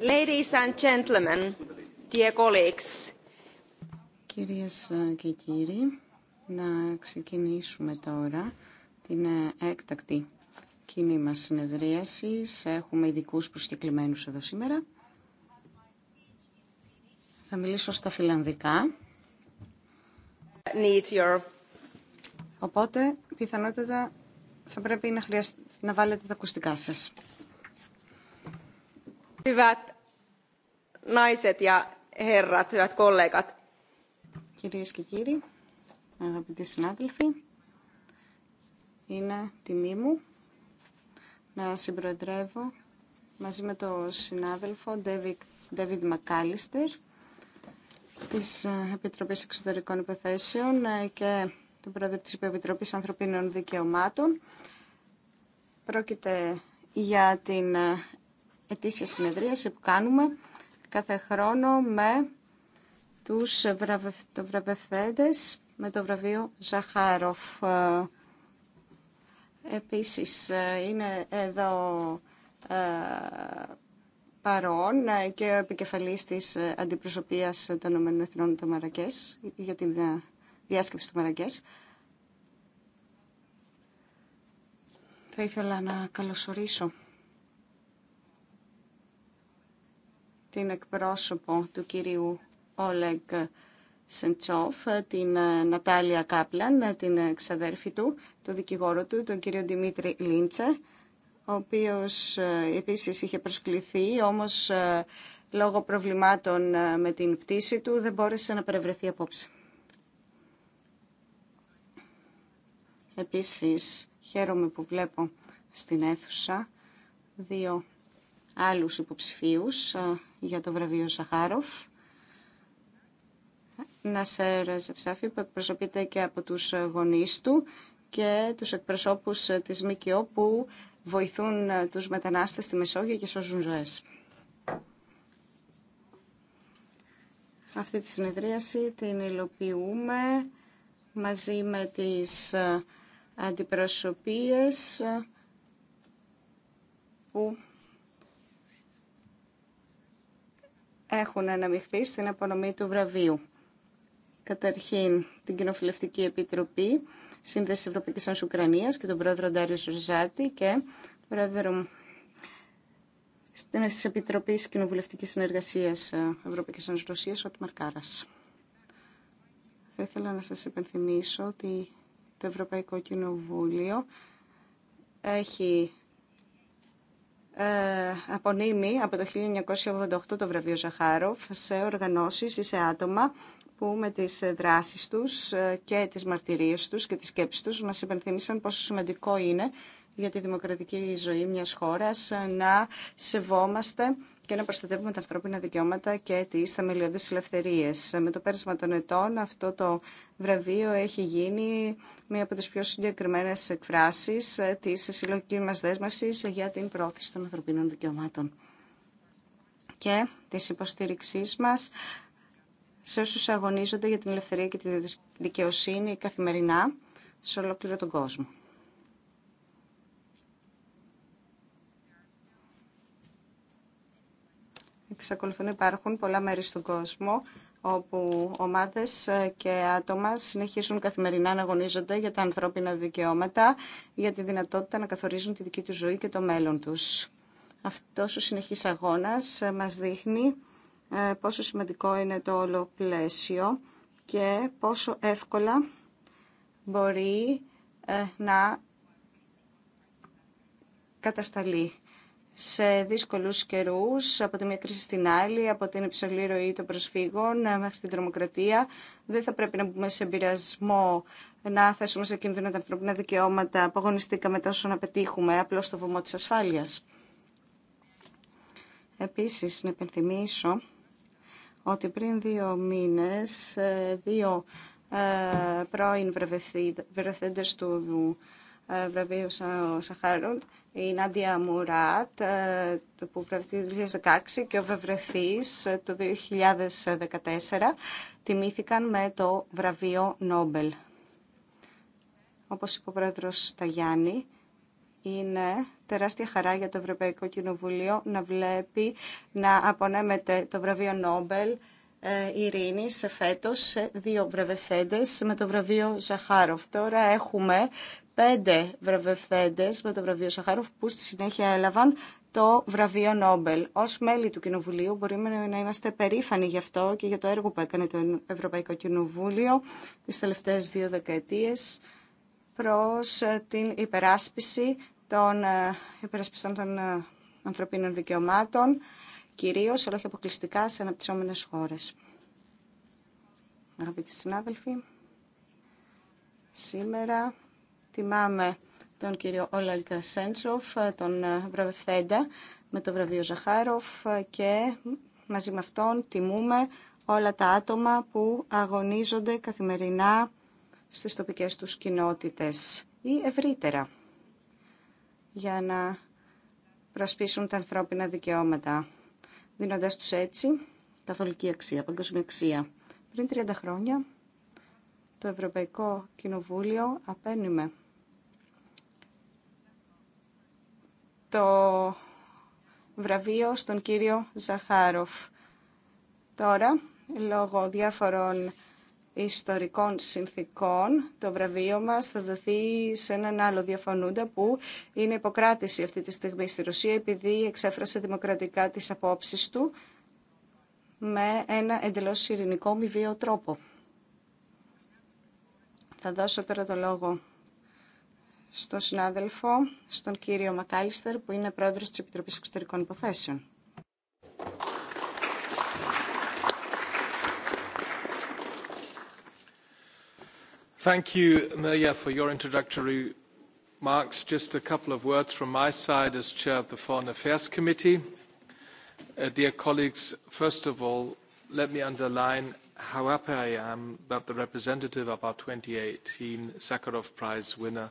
Ladies Κυρίες ε, και κύριοι, να ξεκινήσουμε τώρα την ε, έκτακτη κοινή μας συνεδρίαση. Έχουμε ειδικού προσκεκλημένους εδώ σήμερα. Θα μιλήσω στα φιλανδικά. Οπότε, πιθανότητα, θα πρέπει να, να βάλετε τα ακουστικά σας naiset kollegat. Κυρίες και κύριοι, αγαπητοί συνάδελφοι, είναι τιμή μου να συμπροεδρεύω μαζί με τον συνάδελφο David McAllister της Επιτροπής Εξωτερικών Υποθέσεων και τον πρόεδρο της Επιτροπής Ανθρωπίνων Δικαιωμάτων. Πρόκειται για την ετήσια συνεδρίαση που κάνουμε κάθε χρόνο με τους βραβευθέντες με το βραβείο Ζαχάροφ. Ε, επίσης ε, είναι εδώ ε, παρόν και ο επικεφαλής της αντιπροσωπείας των ΗΕ του Μαρακές για την διάσκεψη του Μαρακές. Θα ήθελα να καλωσορίσω την εκπρόσωπο του κυρίου Όλεγκ Σεντσόφ, την ε, Νατάλια Κάπλαν, ε, την ξαδέρφη του, τον δικηγόρο του, τον κύριο Δημήτρη Λίντσε, ο οποίος ε, επίσης είχε προσκληθεί, όμως λόγω προβλημάτων με την πτήση του δεν μπόρεσε να παρευρεθεί απόψε. Επίσης, χαίρομαι που βλέπω στην αίθουσα δύο άλλους υποψηφίους ε, για το βραβείο Σαχάροφ. Νασέρ Ζεψάφη που εκπροσωπείται και από τους γονείς του και τους εκπροσώπους της ΜΚΟ που βοηθούν τους μετανάστες στη Μεσόγειο και σώζουν ζωές. Αυτή τη συνεδρίαση την υλοποιούμε μαζί με τις ε, αντιπροσωπείες ε, που έχουν αναμειχθεί στην απονομή του βραβείου. Καταρχήν την Κοινοφιλευτική Επιτροπή Σύνδεση Ευρωπαϊκή Ένωση και τον πρόεδρο Ντάριο Σοζάτη και τον πρόεδρο τη Επιτροπή Κοινοβουλευτική Συνεργασία ε, Ευρωπαϊκή Ένωση ο Τμαρκάρα. Θα ήθελα να σα υπενθυμίσω ότι το Ευρωπαϊκό Κοινοβούλιο έχει ε, απονείμει από το 1988 το βραβείο Ζαχάροφ σε οργανώσεις ή σε άτομα που με τις δράσεις τους ε, και τις μαρτυρίες τους και τις σκέψεις τους μας υπενθύμησαν πόσο σημαντικό είναι για τη δημοκρατική ζωή μιας χώρας ε, να σεβόμαστε και να προστατεύουμε τα ανθρώπινα δικαιώματα και τι θεμελιώδει ελευθερίε. Με το πέρασμα των ετών, αυτό το βραβείο έχει γίνει μία από τι πιο συγκεκριμένε εκφράσει τη συλλογική μα δέσμευση για την πρόθεση των ανθρωπίνων δικαιωμάτων και τη υποστήριξή μα σε όσου αγωνίζονται για την ελευθερία και τη δικαιοσύνη καθημερινά σε ολόκληρο τον κόσμο. εξακολουθούν να υπάρχουν πολλά μέρη στον κόσμο όπου ομάδες και άτομα συνεχίζουν καθημερινά να αγωνίζονται για τα ανθρώπινα δικαιώματα, για τη δυνατότητα να καθορίζουν τη δική τους ζωή και το μέλλον τους. Αυτός ο συνεχής αγώνας ε, μας δείχνει ε, πόσο σημαντικό είναι το όλο πλαίσιο και πόσο εύκολα μπορεί ε, να κατασταλεί σε δύσκολους καιρούς, από τη μία κρίση στην άλλη, από την υψηλή ροή των προσφύγων ε, μέχρι την τρομοκρατία. Δεν θα πρέπει να μπούμε σε εμπειρασμό να θέσουμε σε κίνδυνο τα ανθρωπινά δικαιώματα που αγωνιστήκαμε τόσο να πετύχουμε απλώς στο βωμό της ασφάλειας. Επίσης, να υπενθυμίσω ότι πριν δύο μήνες, ε, δύο ε, πρώην βρεβευθέντες του βραβείου Σαχάρον η Νάντια Μουράτ ε, που βρεθεί το 2016 και ο Βευρεθής ε, το 2014 τιμήθηκαν με το βραβείο Νόμπελ. Όπως είπε ο πρόεδρος Σταγιάννη, είναι τεράστια χαρά για το Ευρωπαϊκό Κοινοβουλίο να βλέπει να απονέμεται το βραβείο Νόμπελ ε, ειρήνη σε φέτος σε δύο βρεβεθέντες με το βραβείο Ζαχάροφ. Τώρα έχουμε πέντε βραβευθέντες με το βραβείο Σαχάροφ που στη συνέχεια έλαβαν το βραβείο Νόμπελ. Ως μέλη του Κοινοβουλίου μπορούμε να είμαστε περήφανοι γι' αυτό και για το έργο που έκανε το Ευρωπαϊκό Κοινοβούλιο τις τελευταίες δύο δεκαετίες προς ε, την υπεράσπιση των ε, υπερασπιστών των ε, ανθρωπίνων δικαιωμάτων, κυρίως αλλά όχι αποκλειστικά σε αναπτυσσόμενε χώρες. Αγαπητοί συνάδελφοι, σήμερα Τιμάμε τον κύριο Όλαγκ Σέντσοφ, τον βραβευθέντα με το βραβείο Ζαχάροφ και μαζί με αυτόν τιμούμε όλα τα άτομα που αγωνίζονται καθημερινά στις τοπικές τους κοινότητες ή ευρύτερα για να προσπίσουν τα ανθρώπινα δικαιώματα, δίνοντας τους έτσι καθολική αξία, παγκοσμία αξία. Πριν 30 χρόνια, το Ευρωπαϊκό Κοινοβούλιο απένιμε το βραβείο στον κύριο Ζαχάροφ. Τώρα, λόγω διάφορων ιστορικών συνθήκων, το βραβείο μας θα δοθεί σε έναν άλλο διαφωνούντα που είναι υποκράτηση αυτή τη στιγμή στη Ρωσία επειδή εξέφρασε δημοκρατικά τις απόψεις του με ένα εντελώς ειρηνικό μη τρόπο. Θα δώσω τώρα το λόγο στον συνάδελφο, στον κύριο Μακάλιστερ, που είναι πρόεδρος της Επιτροπής Εξωτερικών Υποθέσεων. Thank you, Mirja, for your introductory remarks. Just a couple of words from my side as Chair of the Foreign Affairs Committee. Dear colleagues, first of all, let me underline how happy I am that the representative of our 2018 Sakharov Prize winner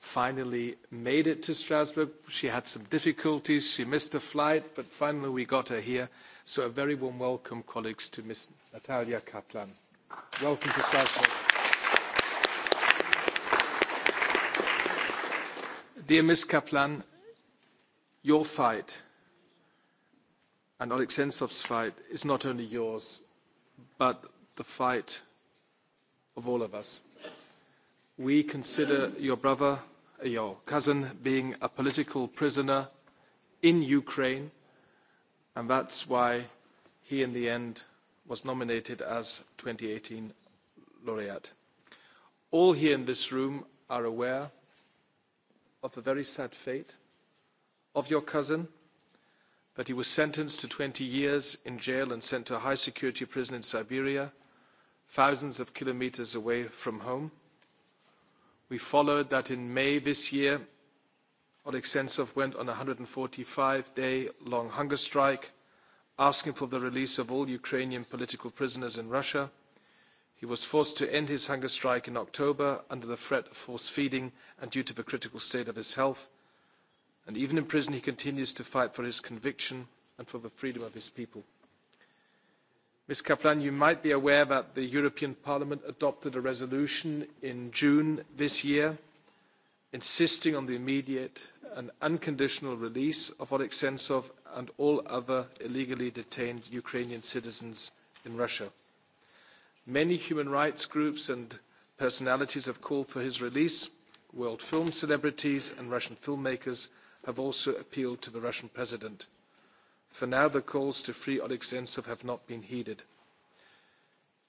finally made it to Strasbourg. She had some difficulties. She missed a flight, but finally we got her here. So a very warm welcome, colleagues, to Ms. Natalia Kaplan. Welcome to Strasbourg. Dear Ms. Kaplan, your fight and Oleg Sentsov's fight is not only yours, but the fight of all of us we consider your brother, your cousin, being a political prisoner in Ukraine, and that's why he, in the end, was nominated as 2018 laureate. All here in this room are aware of the very sad fate of your cousin, that he was sentenced to 20 years in jail and sent to a high-security prison in Siberia, thousands of kilometers away from home. We followed that in May this year. Oleg Sentsov went on a 145-day-long hunger strike, asking for the release of all Ukrainian political prisoners in Russia. He was forced to end his hunger strike in October under the threat of force feeding and due to the critical state of his health. And even in prison, he continues to fight for his conviction and for the freedom of his people. Ms. Kaplan, you might be aware that the European Parliament adopted a resolution in June this year insisting on the immediate and unconditional release of Oleg Sentsov and all other illegally detained Ukrainian citizens in Russia. Many human rights groups and personalities have called for his release. World film celebrities and Russian filmmakers have also appealed to the Russian president. For now, the calls to free Oleg Sentsov have not been heeded.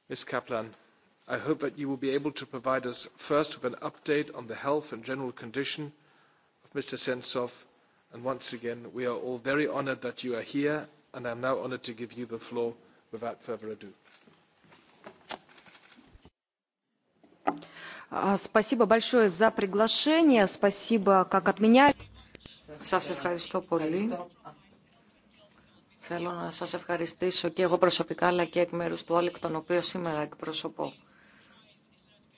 Ms. Kaplan, I hope that you will be able to provide us first with an update on the health and general condition of Mr. Sentsov. And once again, we are all very honored that you are here, and I am now honored to give you the floor without further ado. Θέλω να σας ευχαριστήσω και εγώ προσωπικά, αλλά και εκ μέρους του Όλικ, τον οποίο σήμερα εκπροσωπώ.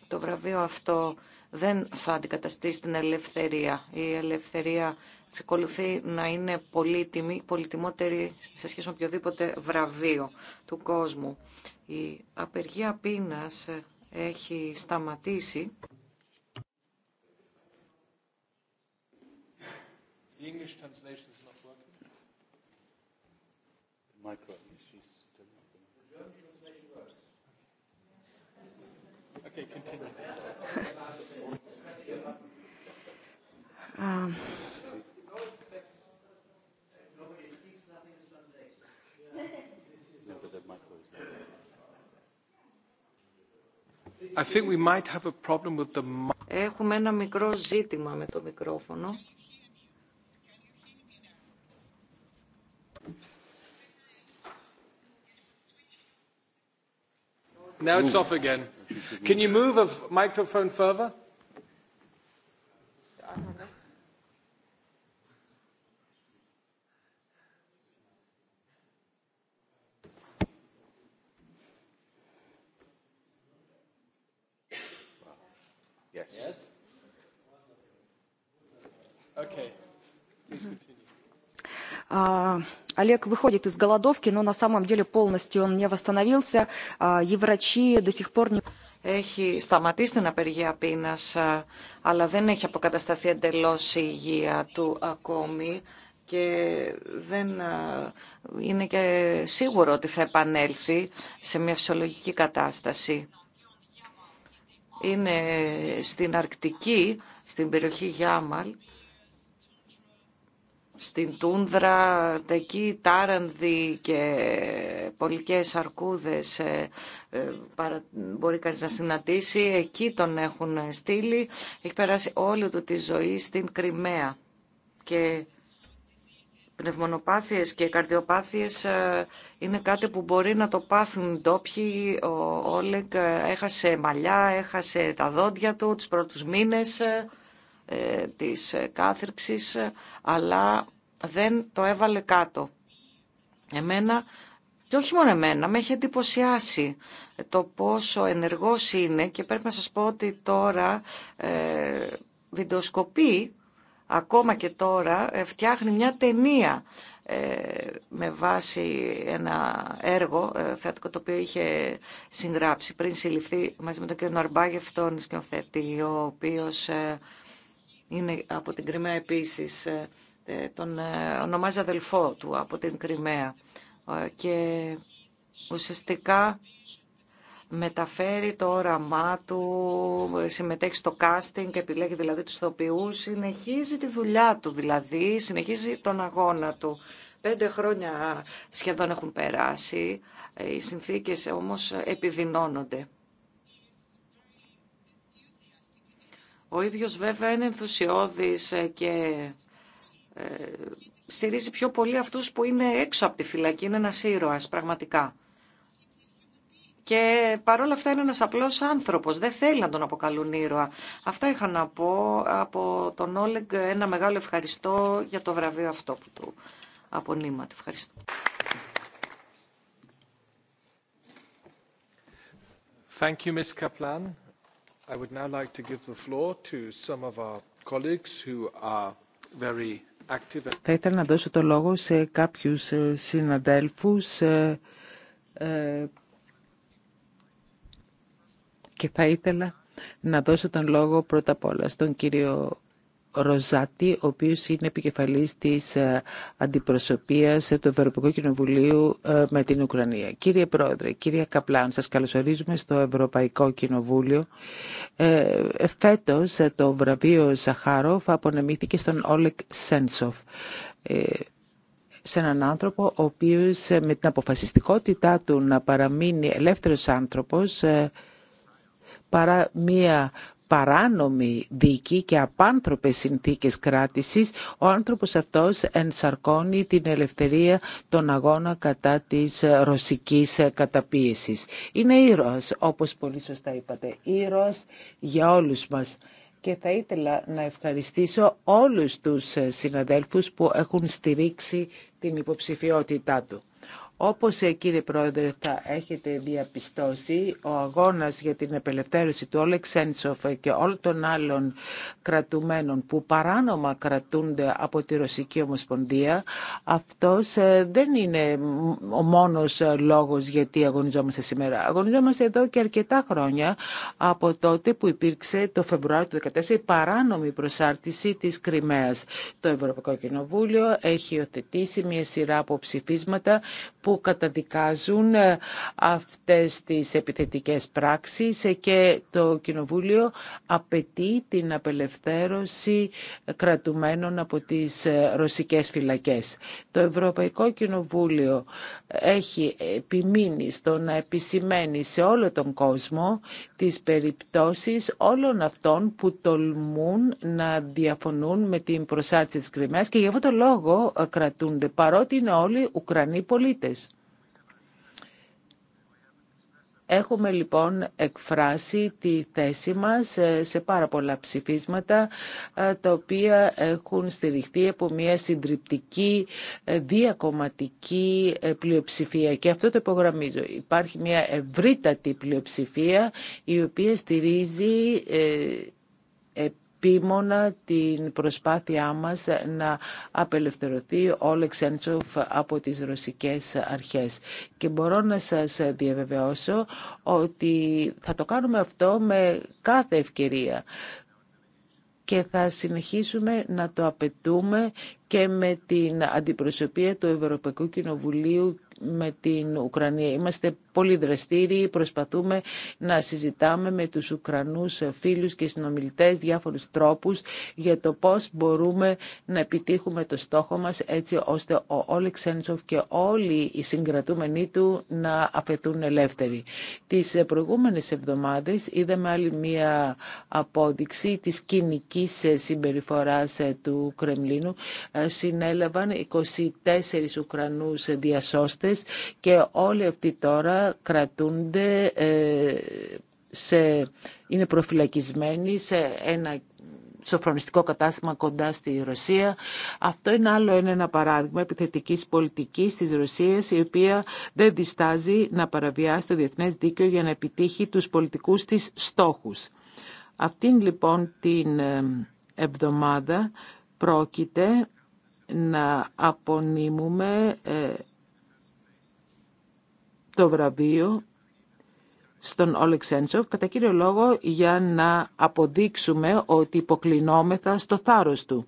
Το βραβείο αυτό δεν θα αντικαταστήσει την ελευθερία. Η ελευθερία ξεκολουθεί να είναι πολύτιμη, πολυτιμότερη σε σχέση με οποιοδήποτε βραβείο του κόσμου. Η απεργία πείνας έχει σταματήσει problem Έχουμε ένα μικρό ζήτημα με το μικρόφωνο. Now it's off again. Can you move a microphone further? Yes. Yes. Okay. Please continue. Έχει σταματήσει την απεργία πείνας, αλλά δεν έχει αποκατασταθεί εντελώς η υγεία του ακόμη και δεν είναι και σίγουρο ότι θα επανέλθει σε μια φυσιολογική κατάσταση. Είναι στην Αρκτική, στην περιοχή Γιάμαλ, στην Τούνδρα, εκεί τάρανδη και πολικές αρκούδες ε, ε, μπορεί κανείς να συναντήσει. Εκεί τον έχουν στείλει. Έχει περάσει όλη του τη ζωή στην Κρυμαία. Και πνευμονοπάθειες και καρδιοπάθειες ε, είναι κάτι που μπορεί να το πάθουν ντόπιοι. Ο Όλεκ έχασε μαλλιά, έχασε τα δόντια του τους πρώτους μήνες της κάθριξης, αλλά δεν το έβαλε κάτω. Εμένα, και όχι μόνο εμένα, με έχει εντυπωσιάσει το πόσο ενεργός είναι και πρέπει να σας πω ότι τώρα ε, βιντεοσκοπεί, ακόμα και τώρα, ε, φτιάχνει μια ταινία ε, με βάση ένα έργο ε, θεατρικό το οποίο είχε συγγράψει πριν συλληφθεί μαζί με τον κ. Νορμπάγεφ τον σκηνοθέτη ο οποίος είναι από την Κρυμαία επίσης ε, τον ε, ονομάζει αδελφό του από την Κρυμαία ε, και ουσιαστικά μεταφέρει το όραμά του, συμμετέχει στο casting και επιλέγει δηλαδή τους θοποιούς, συνεχίζει τη δουλειά του δηλαδή, συνεχίζει τον αγώνα του. Πέντε χρόνια σχεδόν έχουν περάσει, οι συνθήκες όμως επιδεινώνονται. Ο ίδιος βέβαια είναι ενθουσιώδης και ε, στηρίζει πιο πολύ αυτούς που είναι έξω από τη φυλακή, είναι ένας ήρωας πραγματικά. Και παρόλα αυτά είναι ένας απλός άνθρωπος, δεν θέλει να τον αποκαλούν ήρωα. Αυτά είχα να πω από τον Όλεγκ ένα μεγάλο ευχαριστώ για το βραβείο αυτό που του απονείματε. Ευχαριστώ. Thank you, I would like to give the to some θα ήθελα να δώσω το λόγο σε κάποιους ε, συναδέλφους ε, ε, και θα ήθελα να δώσω τον λόγο πρώτα απ' όλα στον κύριο Ροζάτη, ο οποίος είναι επικεφαλής της ε, αντιπροσωπείας του Ευρωπαϊκού Κοινοβουλίου ε, με την Ουκρανία. Κύριε Πρόεδρε, κύριε Καπλάν, σας καλωσορίζουμε στο Ευρωπαϊκό Κοινοβούλιο. Ε, φέτος ε, το βραβείο Ζαχάροφ απονεμήθηκε στον Όλεκ Σέντσοφ σε έναν άνθρωπο ο οποίος με την αποφασιστικότητά του να παραμείνει ελεύθερος άνθρωπος παρά μία παράνομη δίκη και απάνθρωπες συνθήκες κράτησης, ο άνθρωπος αυτός ενσαρκώνει την ελευθερία των αγώνα κατά της ρωσικής καταπίεσης. Είναι ήρωας, όπως πολύ σωστά είπατε, ήρωας για όλους μας και θα ήθελα να ευχαριστήσω όλους τους συναδέλφους που έχουν στηρίξει την υποψηφιότητά του. Όπως ε, κύριε Πρόεδρε θα έχετε διαπιστώσει, ο αγώνας για την απελευθέρωση του Όλεξ και όλων των άλλων κρατουμένων που παράνομα κρατούνται από τη Ρωσική Ομοσπονδία, αυτός ε, δεν είναι ο μόνος ε, λόγος γιατί αγωνιζόμαστε σήμερα. Αγωνιζόμαστε εδώ και αρκετά χρόνια από τότε που υπήρξε το Φεβρουάριο του 2014 η παράνομη προσάρτηση της Κρυμαίας. Το Ευρωπαϊκό Κοινοβούλιο έχει υιοθετήσει μια σειρά από ψηφίσματα που που καταδικάζουν ε, αυτές τις επιθετικές πράξεις ε, και το Κοινοβούλιο απαιτεί την απελευθέρωση κρατουμένων από τις ε, ρωσικές φυλακές. Το Ευρωπαϊκό Κοινοβούλιο έχει επιμείνει στο να επισημαίνει σε όλο τον κόσμο τις περιπτώσεις όλων αυτών που τολμούν να διαφωνούν με την προσάρτηση της Κρυμαίας και γι' αυτό τον λόγο κρατούνται παρότι είναι όλοι Ουκρανοί πολίτες. Έχουμε λοιπόν εκφράσει τη θέση μας σε πάρα πολλά ψηφίσματα ε, τα οποία έχουν στηριχθεί από μια συντριπτική ε, διακομματική ε, πλειοψηφία και αυτό το υπογραμμίζω. Υπάρχει μια ευρύτατη πλειοψηφία η οποία στηρίζει επίμονα την προσπάθειά μας να απελευθερωθεί ο Λεξέντσοφ από τις ρωσικές αρχές. Και μπορώ να σας διαβεβαιώσω ότι θα το κάνουμε αυτό με κάθε ευκαιρία και θα συνεχίσουμε να το απαιτούμε και με την αντιπροσωπεία του Ευρωπαϊκού Κοινοβουλίου με την Ουκρανία. Είμαστε πολύ δραστήριοι, προσπαθούμε να συζητάμε με τους Ουκρανούς φίλους και συνομιλητές διάφορους τρόπους για το πώς μπορούμε να επιτύχουμε το στόχο μας έτσι ώστε ο Όλεξ Σένσοφ και όλοι οι συγκρατούμενοι του να αφαιθούν ελεύθεροι. Τις προηγούμενες εβδομάδες είδαμε άλλη μία απόδειξη της κοινικής συμπεριφοράς του Κρεμλίνου. Συνέλαβαν 24 Ουκρανούς διασώστες και όλοι αυτοί τώρα κρατούνται ε, σε, είναι προφυλακισμένοι σε ένα σοφρονιστικό κατάστημα κοντά στη Ρωσία. Αυτό είναι άλλο είναι ένα παράδειγμα επιθετικής πολιτικής της Ρωσίας η οποία δεν διστάζει να παραβιάσει το διεθνές δίκαιο για να επιτύχει τους πολιτικούς της στόχους. Αυτήν λοιπόν την ε, εβδομάδα πρόκειται να απονείμουμε ε, το βραβείο στον Όλεξέντσοφ κατά κύριο λόγο για να αποδείξουμε ότι υποκλεινόμεθα στο θάρρος του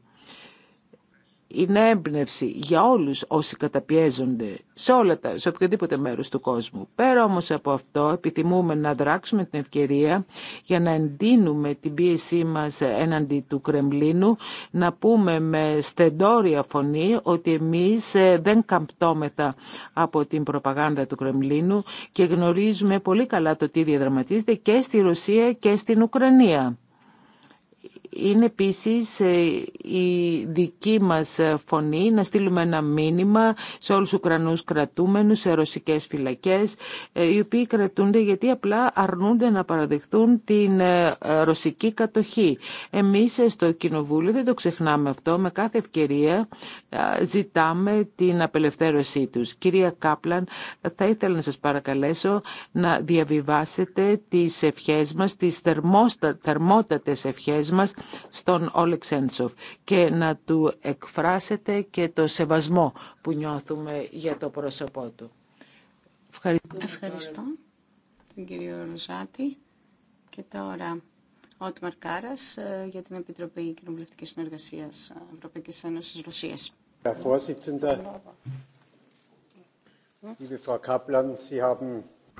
είναι έμπνευση για όλους όσοι καταπιέζονται σε, όλα τα, σε οποιοδήποτε μέρος του κόσμου. Πέρα όμως από αυτό επιθυμούμε να δράξουμε την ευκαιρία για να εντείνουμε την πίεσή μας έναντι του Κρεμλίνου, να πούμε με στεντόρια φωνή ότι εμείς ε, δεν καμπτώμεθα από την προπαγάνδα του Κρεμλίνου και γνωρίζουμε πολύ καλά το τι διαδραματίζεται και στη Ρωσία και στην Ουκρανία είναι επίσης ε, η δική μας ε, φωνή να στείλουμε ένα μήνυμα σε όλους τους Ουκρανούς κρατούμενους, σε ρωσικές φυλακές, ε, οι οποίοι κρατούνται γιατί απλά αρνούνται να παραδεχθούν την ρωσική κατοχή. Εμείς στο Κοινοβούλιο δεν το ξεχνάμε αυτό, με κάθε ευκαιρία ζητάμε την απελευθέρωσή τους. Κυρία Κάπλαν, θα ήθελα να σας παρακαλέσω να διαβιβάσετε τις ευχές μας, τις θερμότατες ευχές μας στον Όλεξ Έντσοφ και να του εκφράσετε και το σεβασμό που νιώθουμε για το πρόσωπό του. Ευχαριστώ. Ευχαριστώ τον κύριο Ροζάτη και τώρα ο Κάρας ε, για την Επιτροπή Κοινοβουλευτικής Συνεργασίας Ευρωπαϊκής Ένωσης Ρωσίας. Herr Vorsitzender, liebe Frau Kaplan, Sie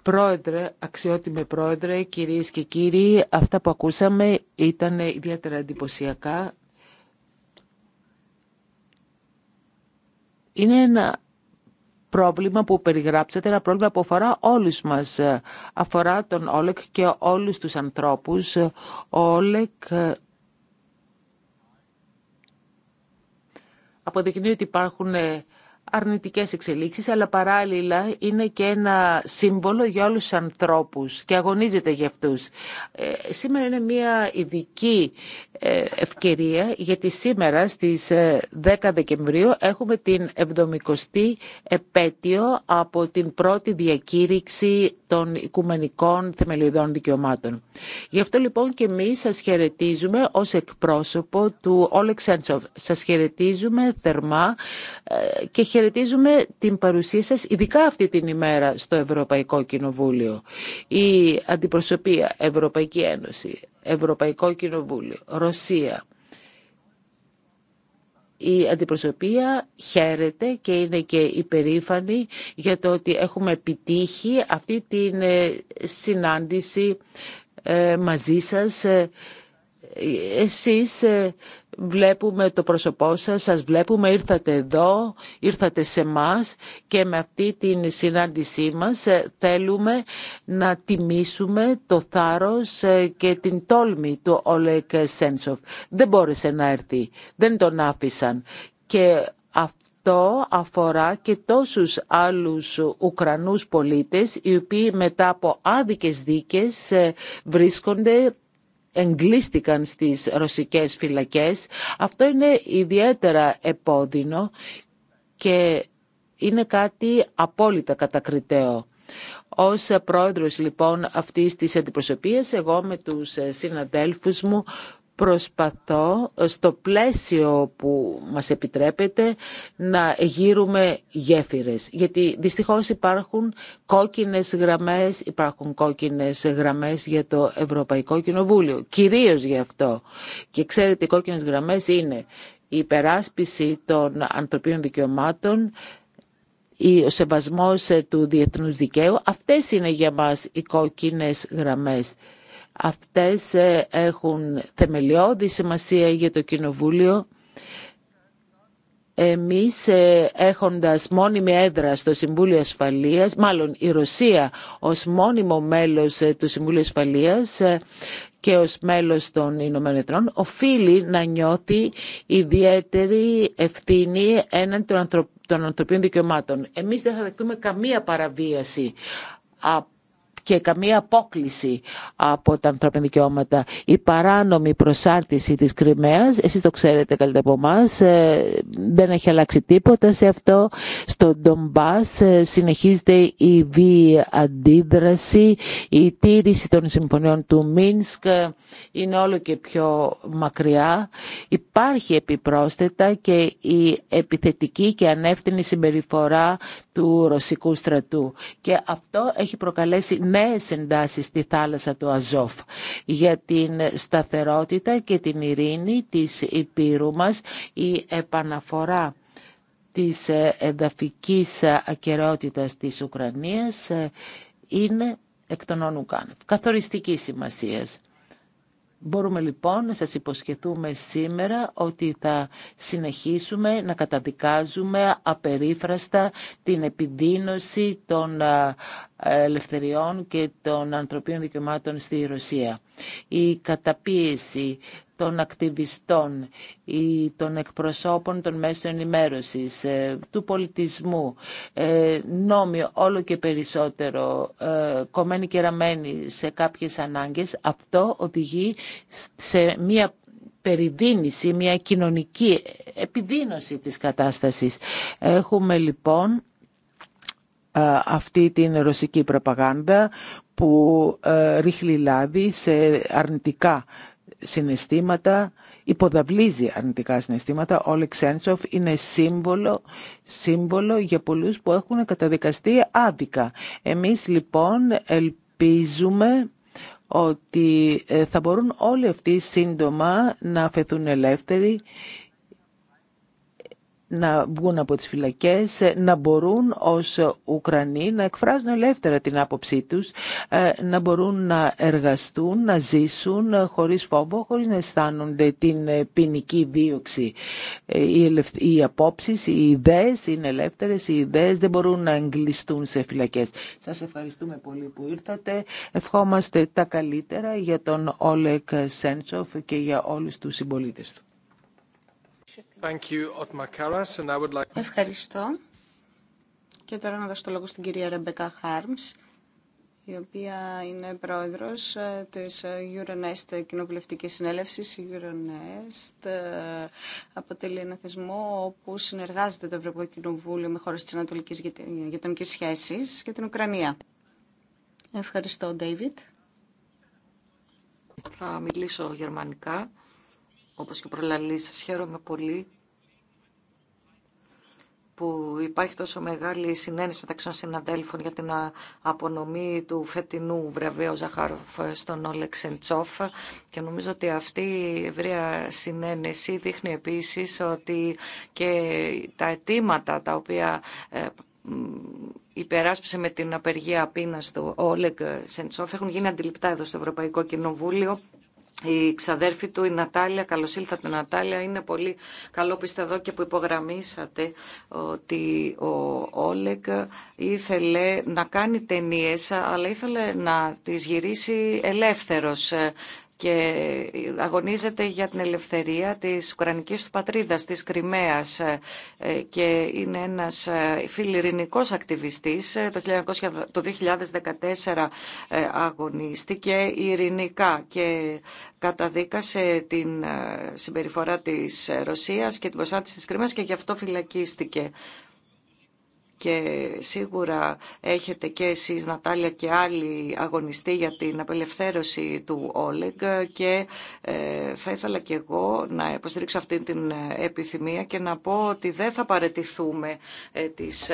Πρόεδρε, αξιότιμε πρόεδρε, κυρίες και κύριοι, αυτά που ακούσαμε ήταν ιδιαίτερα εντυπωσιακά. Είναι ένα πρόβλημα που περιγράψατε, ένα πρόβλημα που αφορά όλους μας. Αφορά τον Όλεκ και όλους τους ανθρώπους. Ο Όλεκ ε, αποδεικνύει ότι υπάρχουν ε, αρνητικές εξελίξεις, αλλά παράλληλα είναι και ένα σύμβολο για όλους τους ανθρώπους και αγωνίζεται για αυτούς. Ε, σήμερα είναι μια ειδική ε, ευκαιρία, γιατί σήμερα στις 10 ε, Δεκεμβρίου έχουμε την 70η επέτειο από την πρώτη διακήρυξη των Οικουμενικών Θεμελιωδών Δικαιωμάτων. Γι' αυτό λοιπόν και εμείς σας χαιρετίζουμε ω εκπρόσωπο του Όλεξ Σας χαιρετίζουμε θερμά και χαιρετίζουμε την παρουσία σας, ειδικά αυτή την ημέρα στο Ευρωπαϊκό Κοινοβούλιο. Η Αντιπροσωπεία, Ευρωπαϊκή Ένωση, Ευρωπαϊκό Κοινοβούλιο, Ρωσία. Η αντιπροσωπεία χαίρεται και είναι και υπερήφανη για το ότι έχουμε επιτύχει αυτή την ε, συνάντηση ε, μαζί σας ε, εσείς ε, βλέπουμε το πρόσωπό σας, σας βλέπουμε, ήρθατε εδώ, ήρθατε σε μας και με αυτή την συνάντησή μας ε, θέλουμε να τιμήσουμε το θάρρος ε, και την τόλμη του Όλεκ Σένσοφ. Δεν μπόρεσε να έρθει, δεν τον άφησαν και αυτό αφορά και τόσους άλλους Ουκρανούς πολίτες οι οποίοι μετά από άδικες δίκες βρίσκονται εγκλίστηκαν στις ρωσικές φυλακές. Αυτό είναι ιδιαίτερα επώδυνο και είναι κάτι απόλυτα κατακριτέο. Ως πρόεδρος λοιπόν αυτής της αντιπροσωπείας, εγώ με τους συναδέλφους μου προσπαθώ ε, στο πλαίσιο που μας επιτρέπεται να γύρουμε γέφυρες. Γιατί δυστυχώς υπάρχουν κόκκινες γραμμές, υπάρχουν κόκκινες γραμμές για το Ευρωπαϊκό Κοινοβούλιο. Κυρίως γι' αυτό. Και ξέρετε, οι κόκκινες γραμμές είναι η υπεράσπιση των ανθρωπίνων δικαιωμάτων, ο σεβασμός ε, του διεθνούς δικαίου. Αυτές είναι για μας οι κόκκινες γραμμές. Αυτές ε, έχουν θεμελιώδη σημασία για το Κοινοβούλιο. Εμείς ε, έχοντας μόνιμη έδρα στο Συμβούλιο Ασφαλείας, μάλλον η Ρωσία ως μόνιμο μέλος ε, του Συμβούλιο Ασφαλείας και ως μέλος των Ηνωμένων Εθνών, οφείλει να νιώθει ιδιαίτερη ευθύνη έναν των ανθρωπίνων δικαιωμάτων. Εμείς δεν θα δεχτούμε καμία παραβίαση και καμία απόκληση από τα ανθρώπινα δικαιώματα. Η παράνομη προσάρτηση της Κρυμαίας, εσείς το ξέρετε καλύτερα από εμά, ε, δεν έχει αλλάξει τίποτα σε αυτό. Στο Ντομπάς ε, συνεχίζεται η βία αντίδραση, η τήρηση των συμφωνιών του Μίνσκ ε, είναι όλο και πιο μακριά. Υπάρχει επιπρόσθετα και η επιθετική και ανεύθυνη συμπεριφορά του ρωσικού στρατού. Και αυτό έχει προκαλέσει νέες εντάσεις στη θάλασσα του Αζόφ για την σταθερότητα και την ειρήνη της Υπήρου μας η επαναφορά της εδαφικής ακαιρεότητας της Ουκρανίας είναι εκ των καθοριστική σημασίας. Μπορούμε λοιπόν να σας υποσχεθούμε σήμερα ότι θα συνεχίσουμε να καταδικάζουμε απερίφραστα την επιδείνωση των ελευθεριών και των ανθρωπίνων δικαιωμάτων στη Ρωσία. Η καταπίεση των ακτιβιστών ή των εκπροσώπων των μέσων ενημέρωσης, ε, του πολιτισμού, ε, νόμιο όλο και περισσότερο ε, κομμένοι και ραμμένοι σε κάποιες ανάγκες, αυτό οδηγεί σε μία περιδίνηση, μία κοινωνική επιδίνωση της κατάστασης. Έχουμε λοιπόν ε, αυτή την ρωσική προπαγάνδα που ε, ρίχνει λάδι σε αρνητικά συναισθήματα, υποδαβλίζει αρνητικά συναισθήματα. Ο Λεξένσοφ είναι σύμβολο, σύμβολο για πολλούς που έχουν καταδικαστεί άδικα. Εμείς λοιπόν ελπίζουμε ότι ε, θα μπορούν όλοι αυτοί σύντομα να φεθούν ελεύθεροι να βγουν από τις φυλακές, ε, να μπορούν ως Ουκρανοί να εκφράζουν ελεύθερα την άποψή τους, ε, να μπορούν να εργαστούν, να ζήσουν ε, χωρίς φόβο, χωρίς να αισθάνονται την ποινική δίωξη. Οι απόψεις, οι ιδέες είναι ελεύθερες, οι ιδέες δεν μπορούν να εγκλειστούν σε φυλακές. Σας ευχαριστούμε πολύ που ήρθατε. Ευχόμαστε τα καλύτερα για τον Όλεκ Σέντσοφ και για όλους τους συμπολίτες του. Ευχαριστώ. Και τώρα να δώσω το λόγο στην κυρία Ρεμπεκά Χάρμς, η οποία είναι πρόεδρος ε, της ε, Euronest Κοινοβουλευτικής Συνέλευσης. Η Euronest ε, αποτελεί ένα θεσμό όπου συνεργάζεται το Ευρωπαϊκό Κοινοβούλιο με χώρες της Ανατολικής Γειτονικής Σχέσης και την Ουκρανία. Ευχαριστώ, Ντέιβιτ. Θα μιλήσω γερμανικά, όπως και προλαλή σας. Χαίρομαι πολύ που υπάρχει τόσο μεγάλη συνένεση μεταξύ των συναντέλφων για την απονομή του φετινού βραβείου Ζαχάροφ στον Όλεξ Σεντσόφ. και νομίζω ότι αυτή η ευρεία συνένεση δείχνει επίσης ότι και τα αιτήματα τα οποία ε, υπεράσπισε με την απεργία πείνας του Όλεγ Σεντσόφ έχουν γίνει αντιληπτά εδώ στο Ευρωπαϊκό Κοινοβούλιο η ξαδέρφη του, η Νατάλια, καλώς ήλθατε Νατάλια, είναι πολύ καλό πιστεύω εδώ και που υπογραμμίσατε ότι ο Όλεκ ήθελε να κάνει ταινίε, αλλά ήθελε να τις γυρίσει ελεύθερος και αγωνίζεται για την ελευθερία της Ουκρανικής του πατρίδας, της Κρυμαίας ε, και είναι ένας ε, φιλιρινικός ακτιβιστής. Ε, το 2014 αγωνίστηκε ειρηνικά και καταδίκασε την συμπεριφορά της Ρωσίας και την προστάτηση της Κρυμαίας και γι' αυτό φυλακίστηκε και σίγουρα έχετε και εσείς Νατάλια και άλλοι αγωνιστεί για την απελευθέρωση του Όλεγκ και ε, θα ήθελα και εγώ να υποστηρίξω αυτή την ε, επιθυμία και να πω ότι δεν θα παρετηθούμε ε, της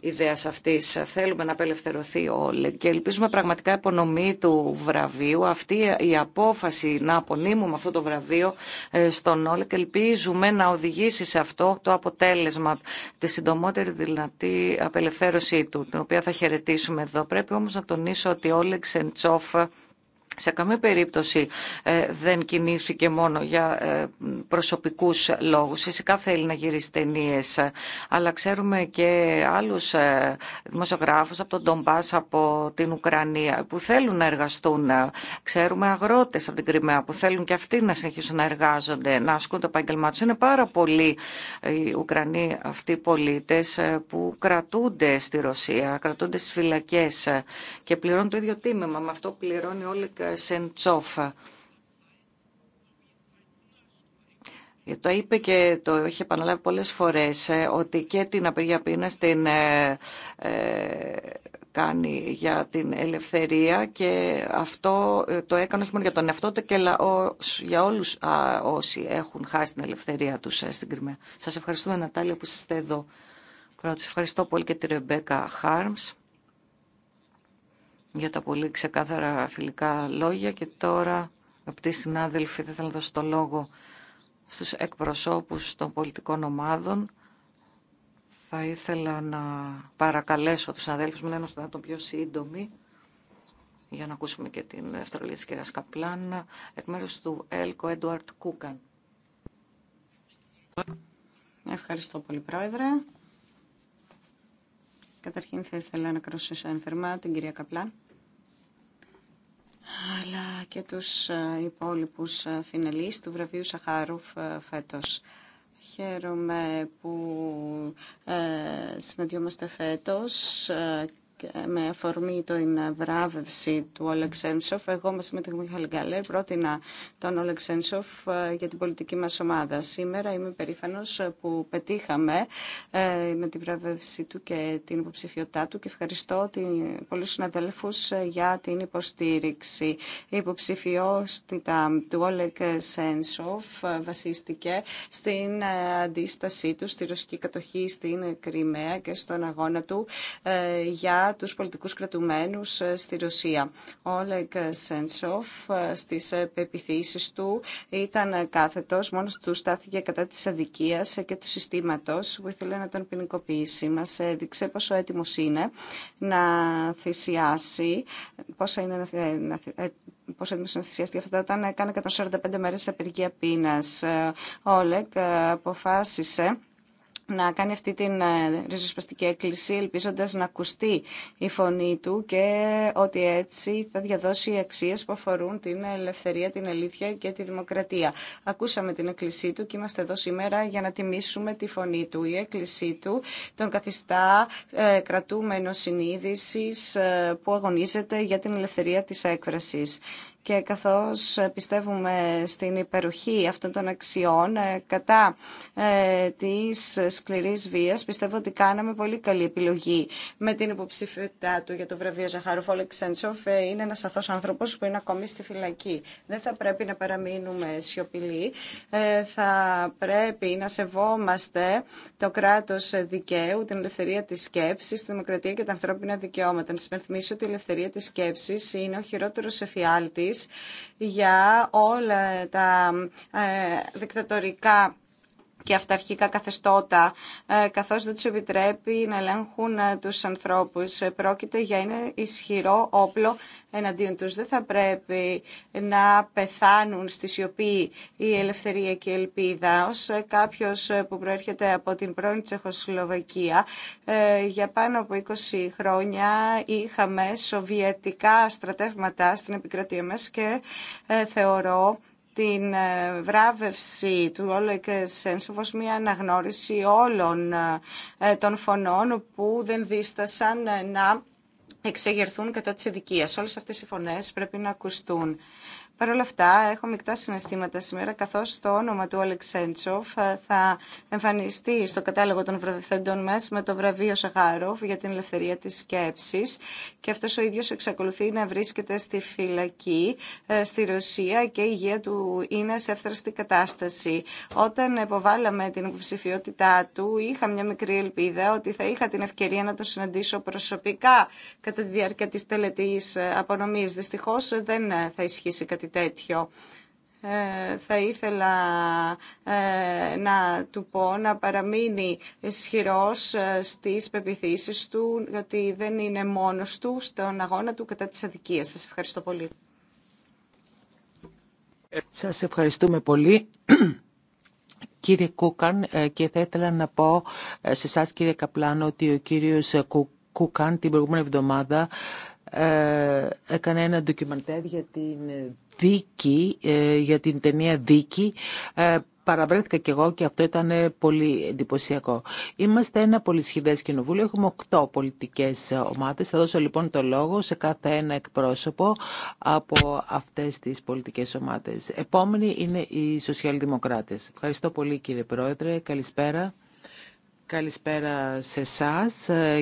ιδέας αυτής. Θέλουμε να απελευθερωθεί ο Όλεγκ και ελπίζουμε πραγματικά υπονομή του βραβείου. Αυτή η απόφαση να απονείμουμε αυτό το βραβείο στον Όλεγκ ελπίζουμε να οδηγήσει σε αυτό το αποτέλεσμα τη συντομότερη δυνατότητα τη απελευθέρωσή του, την οποία θα χαιρετήσουμε εδώ. Πρέπει όμως να τονίσω ότι ο Όλεξεν Τσόφ σε καμία περίπτωση ε, δεν κινήθηκε μόνο για ε, προσωπικούς λόγους. Φυσικά θέλει να γυρίσει ταινίε, ε, αλλά ξέρουμε και άλλους δημοσιογράφους από τον Ντομπάς, από την Ουκρανία, που θέλουν να εργαστούν. Ξέρουμε αγρότες από την Κρυμαία που θέλουν και αυτοί να συνεχίσουν να εργάζονται, να ασκούν το επάγγελμά του. Είναι πάρα πολλοί οι Ουκρανοί αυτοί οι πολίτες που κρατούνται στη Ρωσία, κρατούνται στις φυλακές και πληρώνουν το ίδιο τίμημα. Με αυτό πληρώνει όλη Σεντσόφ. Ε, το είπε και το είχε επαναλάβει πολλές φορές ε, ότι και την απεργία πείνας την ε, ε, κάνει για την ελευθερία και αυτό το έκανε όχι μόνο για τον εαυτό του και για όλους όσοι έχουν χάσει την ελευθερία τους στην Κρυμαία. Σας ευχαριστούμε Νατάλια που είστε εδώ. Πρώτα, ευχαριστώ πολύ και τη Ρεμπέκα Χάρμς για τα πολύ ξεκάθαρα φιλικά λόγια και τώρα, αγαπητοί συνάδελφοι, θα ήθελα να δώσω το λόγο στους εκπροσώπους των πολιτικών ομάδων. Θα ήθελα να παρακαλέσω τους συναδέλφους μου να είναι στον πιο σύντομοι για να ακούσουμε και την ευθρολή της κυρίας Καπλάν, εκ μέρους του ΕΛΚΟ Έντουαρτ Κούκαν. Ευχαριστώ πολύ, Πρόεδρε. Καταρχήν θα ήθελα να κρουσίσω ενθερμά την κυρία Καπλάν αλλά και τους ε, υπόλοιπους ε, φινελείς του βραβείου Σαχάροφ ε, φέτος. Χαίρομαι που συναντιόμαστε φέτος με αφορμή το βράβευση του Ολεξένσοφ, εγώ μαζί με τον Μιχαλ Γκάλερ πρότεινα τον Ολεξένσοφ ε, για την πολιτική μας ομάδα. Σήμερα είμαι περήφανος που πετύχαμε ε, με την βράβευση του και την υποψηφιότητά του και ευχαριστώ πολλούς συναδέλφους ε, για την υποστήριξη. Η υποψηφιότητα του Ολεξένσοφ βασίστηκε στην αντίστασή του στη ρωσική κατοχή στην Κρυμαία και στον αγώνα του για τους πολιτικούς κρατουμένους ε, στη Ρωσία. Ο Όλεγ Σέντσοφ στις πεπιθήσεις του ήταν κάθετος, μόνος του στάθηκε κατά της αδικίας και του συστήματος που ήθελε να τον ποινικοποιήσει. Μας έδειξε πόσο έτοιμος είναι να θυσιάσει, πόσο είναι να πώ έτοιμο ε, να ε, αυτό όταν έκανε 145 μέρε απεργία πείνα. Ο Όλεκ αποφάσισε να κάνει αυτή την ε, ριζοσπαστική έκκληση, ελπίζοντας να ακουστεί η φωνή του και ότι έτσι θα διαδώσει οι αξίες που αφορούν την ελευθερία, την αλήθεια και τη δημοκρατία. Ακούσαμε την έκκλησή του και είμαστε εδώ σήμερα για να τιμήσουμε τη φωνή του. Η έκκλησή του τον καθιστά ε, κρατούμενο συνείδησης ε, που αγωνίζεται για την ελευθερία της έκφρασης και καθώς ε, πιστεύουμε στην υπεροχή αυτών των αξιών ε, κατά ε, της σκληρής βίας, πιστεύω ότι κάναμε πολύ καλή επιλογή με την υποψηφιότητά του για το βραβείο Ζαχάρου Φόλεξ Σέντσοφ. είναι ένας αθώος άνθρωπος που είναι ακόμη στη φυλακή. Δεν θα πρέπει να παραμείνουμε σιωπηλοί. θα πρέπει να σεβόμαστε το κράτος δικαίου, την ελευθερία της σκέψης, τη δημοκρατία και τα ανθρώπινα δικαιώματα. Να συμπενθυμίσω ότι η ελευθερία της σκέψης είναι ο χειρότερος εφιάλτης για όλα τα ε, δικτατορικά και αυταρχικά καθεστώτα, ε, καθώς δεν τους επιτρέπει να ελέγχουν ε, τους ανθρώπους. Ε, πρόκειται για ένα ισχυρό όπλο εναντίον τους. Δεν θα πρέπει να πεθάνουν στη σιωπή η ελευθερία και η ελπίδα. Ως κάποιος που προέρχεται από την πρώην Τσεχοσλοβακία, για πάνω από 20 χρόνια είχαμε σοβιετικά στρατεύματα στην επικρατεία μας και θεωρώ την ε, βράβευση του Όλεκ Σένσοβ μια αναγνώριση όλων ε, των φωνών που δεν δίστασαν ε, να εξεγερθούν κατά της ειδικίας. Όλες αυτές οι φωνές πρέπει να ακουστούν. Παρ' όλα αυτά, έχω μεικτά συναισθήματα σήμερα, καθώ το όνομα του Αλεξέντσοφ ε, θα εμφανιστεί στο κατάλογο των βραβευθέντων μα με το βραβείο Σαχάροφ για την ελευθερία τη σκέψη. Και αυτό ο ίδιο εξακολουθεί να βρίσκεται στη φυλακή ε, στη Ρωσία και η υγεία του είναι σε εύθραστη κατάσταση. Όταν υποβάλαμε την υποψηφιότητά του, είχα μια μικρή ελπίδα ότι θα είχα την ευκαιρία να το συναντήσω προσωπικά κατά τη διάρκεια τη τελετή ε, απονομή. Δυστυχώ δεν θα ισχύσει κάτι τέτοιο. Ε, θα ήθελα ε, να του πω να παραμείνει ισχυρός ε, στις πεπιθήσεις του γιατί δεν είναι μόνος του στον αγώνα του κατά της αδικίας. Σας ευχαριστώ πολύ. Σας ευχαριστούμε πολύ. Κύριε Κούκαν, και θα ήθελα να πω σε εσά κύριε Καπλάνο ότι ο κύριος Κούκαν την προηγούμενη εβδομάδα ε, έκανε ένα ντοκιμαντέρ για την δίκη, ε, για την ταινία «Δίκη», ε, παραβρέθηκα κι εγώ και αυτό ήταν πολύ εντυπωσιακό. Είμαστε ένα πολυσχηδέ κοινοβούλιο. Έχουμε οκτώ πολιτικέ ομάδες. Θα δώσω λοιπόν το λόγο σε κάθε ένα εκπρόσωπο από αυτές τι πολιτικέ ομάδε. Επόμενη είναι οι σοσιαλδημοκράτε. Ευχαριστώ πολύ κύριε Πρόεδρε. Καλησπέρα. Καλησπέρα σε εσά,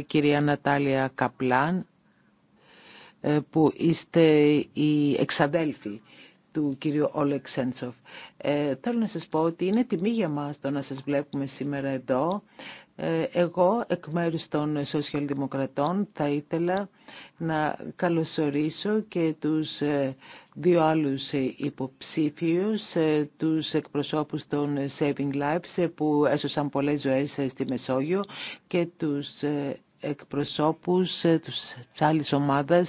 κυρία Νατάλια Καπλάν. Ε, που είστε οι εξαδέλφοι του κυρίου Όλεξ Σέντσοφ. Ε, θέλω να σας πω ότι είναι τιμή για μας το να σας βλέπουμε σήμερα εδώ. Ε, εγώ, εκ μέρους των Σοσιαλδημοκρατών, θα ήθελα να καλωσορίσω και τους ε, δύο άλλους υποψήφιους, τους εκπροσώπους των Saving Lives που έσωσαν πολλές ζωές στη Μεσόγειο και τους εκπροσώπους ε, τους άλλη ομάδα, ε,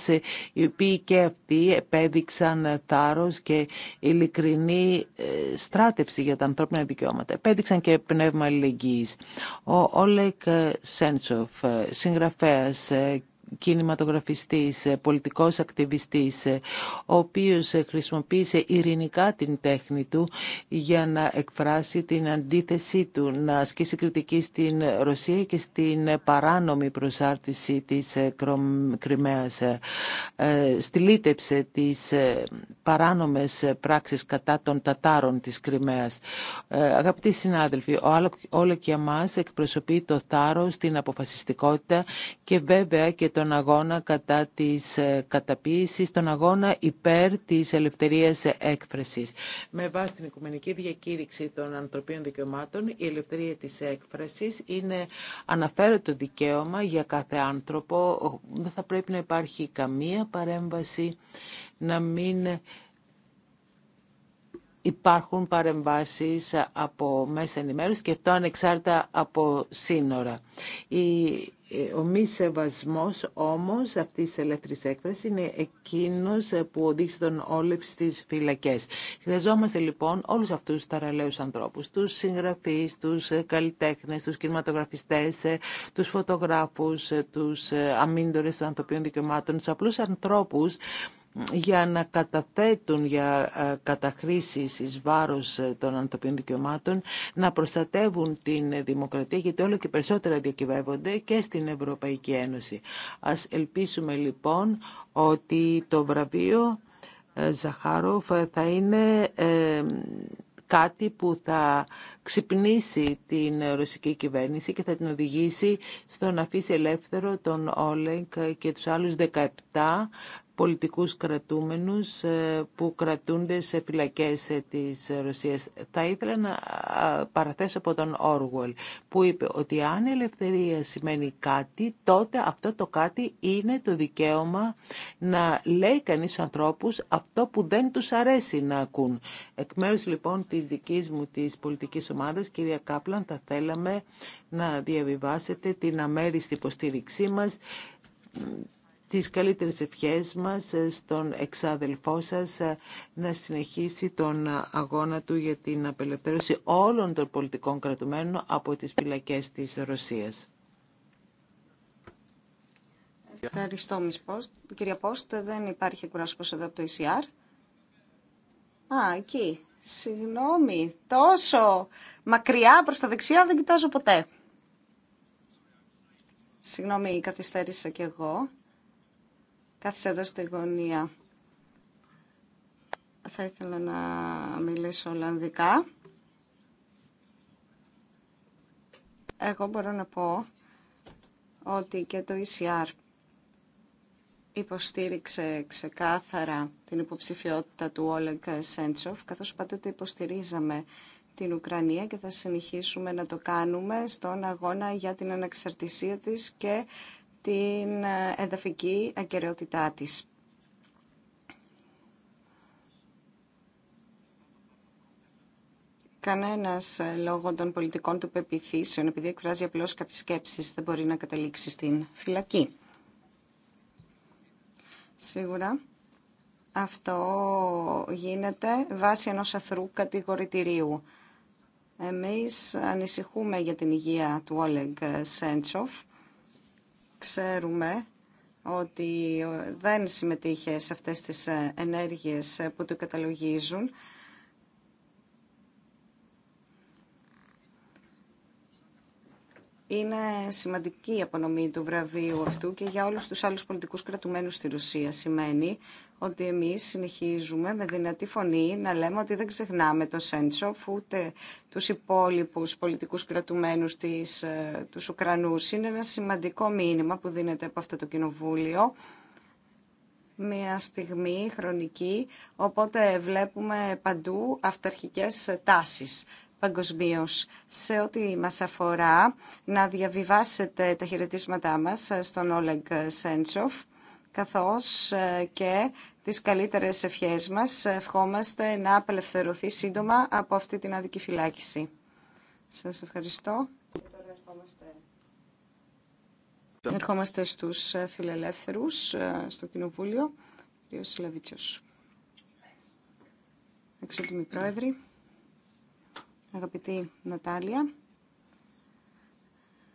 οι οποίοι και αυτοί επέδειξαν θάρρος και ειλικρινή ε, στράτευση για τα ανθρώπινα δικαιώματα. Επέδειξαν και πνεύμα αλληλεγγύης. Ο Όλεκ Σέντσοφ, συγγραφέας κινηματογραφιστής, ε, πολιτικός ακτιβιστής, ε, ο οποίος ε, χρησιμοποίησε ειρηνικά την τέχνη του για να εκφράσει την αντίθεσή του, να ασκήσει κριτική στην Ρωσία και στην παράνομη προσάρτηση της Κρυμαίας. Στυλίτεψε τις παράνομες ε, πράξεις κατά των Τατάρων της Κρυμαίας. Ε, αγαπητοί συνάδελφοι, όλο και εμάς εκπροσωπεί το θάρρος, την αποφασιστικότητα και βέβαια και τον αγώνα κατά της ε, καταποίησης, τον αγώνα υπέρ της ελευθερίας έκφρασης. Με βάση την Οικουμενική Διακήρυξη των Ανθρωπίνων Δικαιωμάτων, η ελευθερία της έκφρασης είναι αναφέρετο δικαίωμα για κάθε άνθρωπο. Δεν θα πρέπει να υπάρχει καμία παρέμβαση να μην υπάρχουν παρεμβάσεις από μέσα ενημέρωση και αυτό ανεξάρτητα από σύνορα. Ε, ο μη σεβασμό όμως αυτής της ελεύθερης έκφρασης είναι εκείνος που οδήγησε τον όλευ στις φυλακές. Χρειαζόμαστε λοιπόν όλους αυτούς τους ταραλέους ανθρώπους, τους συγγραφείς, τους καλλιτέχνες, τους κινηματογραφιστέ τους φωτογράφους, τους αμύντορες των ανθρωπίνων δικαιωμάτων, τους απλούς ανθρώπους για να καταθέτουν για ε, καταχρήσεις εις βάρος ε, των ανθρωπίνων δικαιωμάτων, να προστατεύουν την δημοκρατία, γιατί όλο και περισσότερα διακυβεύονται και στην Ευρωπαϊκή Ένωση. Ας ελπίσουμε λοιπόν ότι το βραβείο ε, Ζαχάροφ θα είναι κάτι που θα ξυπνήσει την ρωσική κυβέρνηση και θα την οδηγήσει στο να αφήσει ελεύθερο τον Όλεγκ και τους άλλους 17 πολιτικούς κρατούμενους ε, που κρατούνται σε φυλακές ε, της Ρωσίας. Θα ήθελα να παραθέσω από τον Όργουελ που είπε ότι αν η ελευθερία σημαίνει κάτι, τότε αυτό το κάτι είναι το δικαίωμα να λέει κανείς ανθρώπους αυτό που δεν τους αρέσει να ακούν. Εκ μέρους λοιπόν της δικής μου της πολιτικής ομάδας, κυρία Κάπλαν, θα θέλαμε να διαβιβάσετε την αμέριστη υποστήριξή μας τις καλύτερες ευχές μας ε, στον εξάδελφό σας ε, να συνεχίσει τον αγώνα του για την απελευθέρωση όλων των πολιτικών κρατουμένων από τις φυλακές της Ρωσίας. Ευχαριστώ, Πόστ, Κυρία Πόστ, δεν υπάρχει κουράσπος εδώ από το ECR. Α, εκεί. Συγγνώμη, τόσο μακριά προς τα δεξιά δεν κοιτάζω ποτέ. Συγγνώμη, καθυστέρησα κι εγώ. Κάθισε εδώ στη γωνία. Θα ήθελα να μιλήσω Ολλανδικά. Εγώ μπορώ να πω ότι και το ECR υποστήριξε ξεκάθαρα την υποψηφιότητα του Όλεγκ Σέντσοφ, καθώς πάντοτε υποστηρίζαμε την Ουκρανία και θα συνεχίσουμε να το κάνουμε στον αγώνα για την αναξαρτησία της και την ε, εδαφική ακαιρεότητά της. Κανένα ε, λόγω των πολιτικών του πεπιθήσεων, επειδή εκφράζει απλώ κάποιε σκέψει, δεν μπορεί να καταλήξει στην φυλακή. Σίγουρα αυτό γίνεται βάσει ενός αθρού κατηγορητηρίου. Εμείς ανησυχούμε για την υγεία του Όλεγκ Σέντσοφ Ξέρουμε ότι δεν συμμετείχε σε αυτές τις ε, ενέργειες ε, που το καταλογίζουν Είναι σημαντική η απονομή του βραβείου αυτού και για όλους τους άλλους πολιτικούς κρατουμένους στη Ρωσία. Σημαίνει ότι εμείς συνεχίζουμε με δυνατή φωνή να λέμε ότι δεν ξεχνάμε το Σέντσοφ ούτε τους υπόλοιπους πολιτικούς κρατουμένους της, ε, τους Ουκρανούς. Είναι ένα σημαντικό μήνυμα που δίνεται από αυτό το κοινοβούλιο μια στιγμή χρονική, οπότε βλέπουμε παντού αυταρχικές τάσεις παγκοσμίω σε ό,τι μας αφορά να διαβιβάσετε τα χαιρετίσματά μας ε, στον Όλεγκ Σέντσοφ καθώς ε, και τις καλύτερες ευχές μας. Ευχόμαστε να απελευθερωθεί σύντομα από αυτή την άδικη φυλάκιση. Σας ευχαριστώ. Τώρα ερχόμαστε... στους ε, φιλελεύθερους στο Κοινοβούλιο. κ. Σιλαβίτσιος. Πρόεδρη αγαπητή Νατάλια,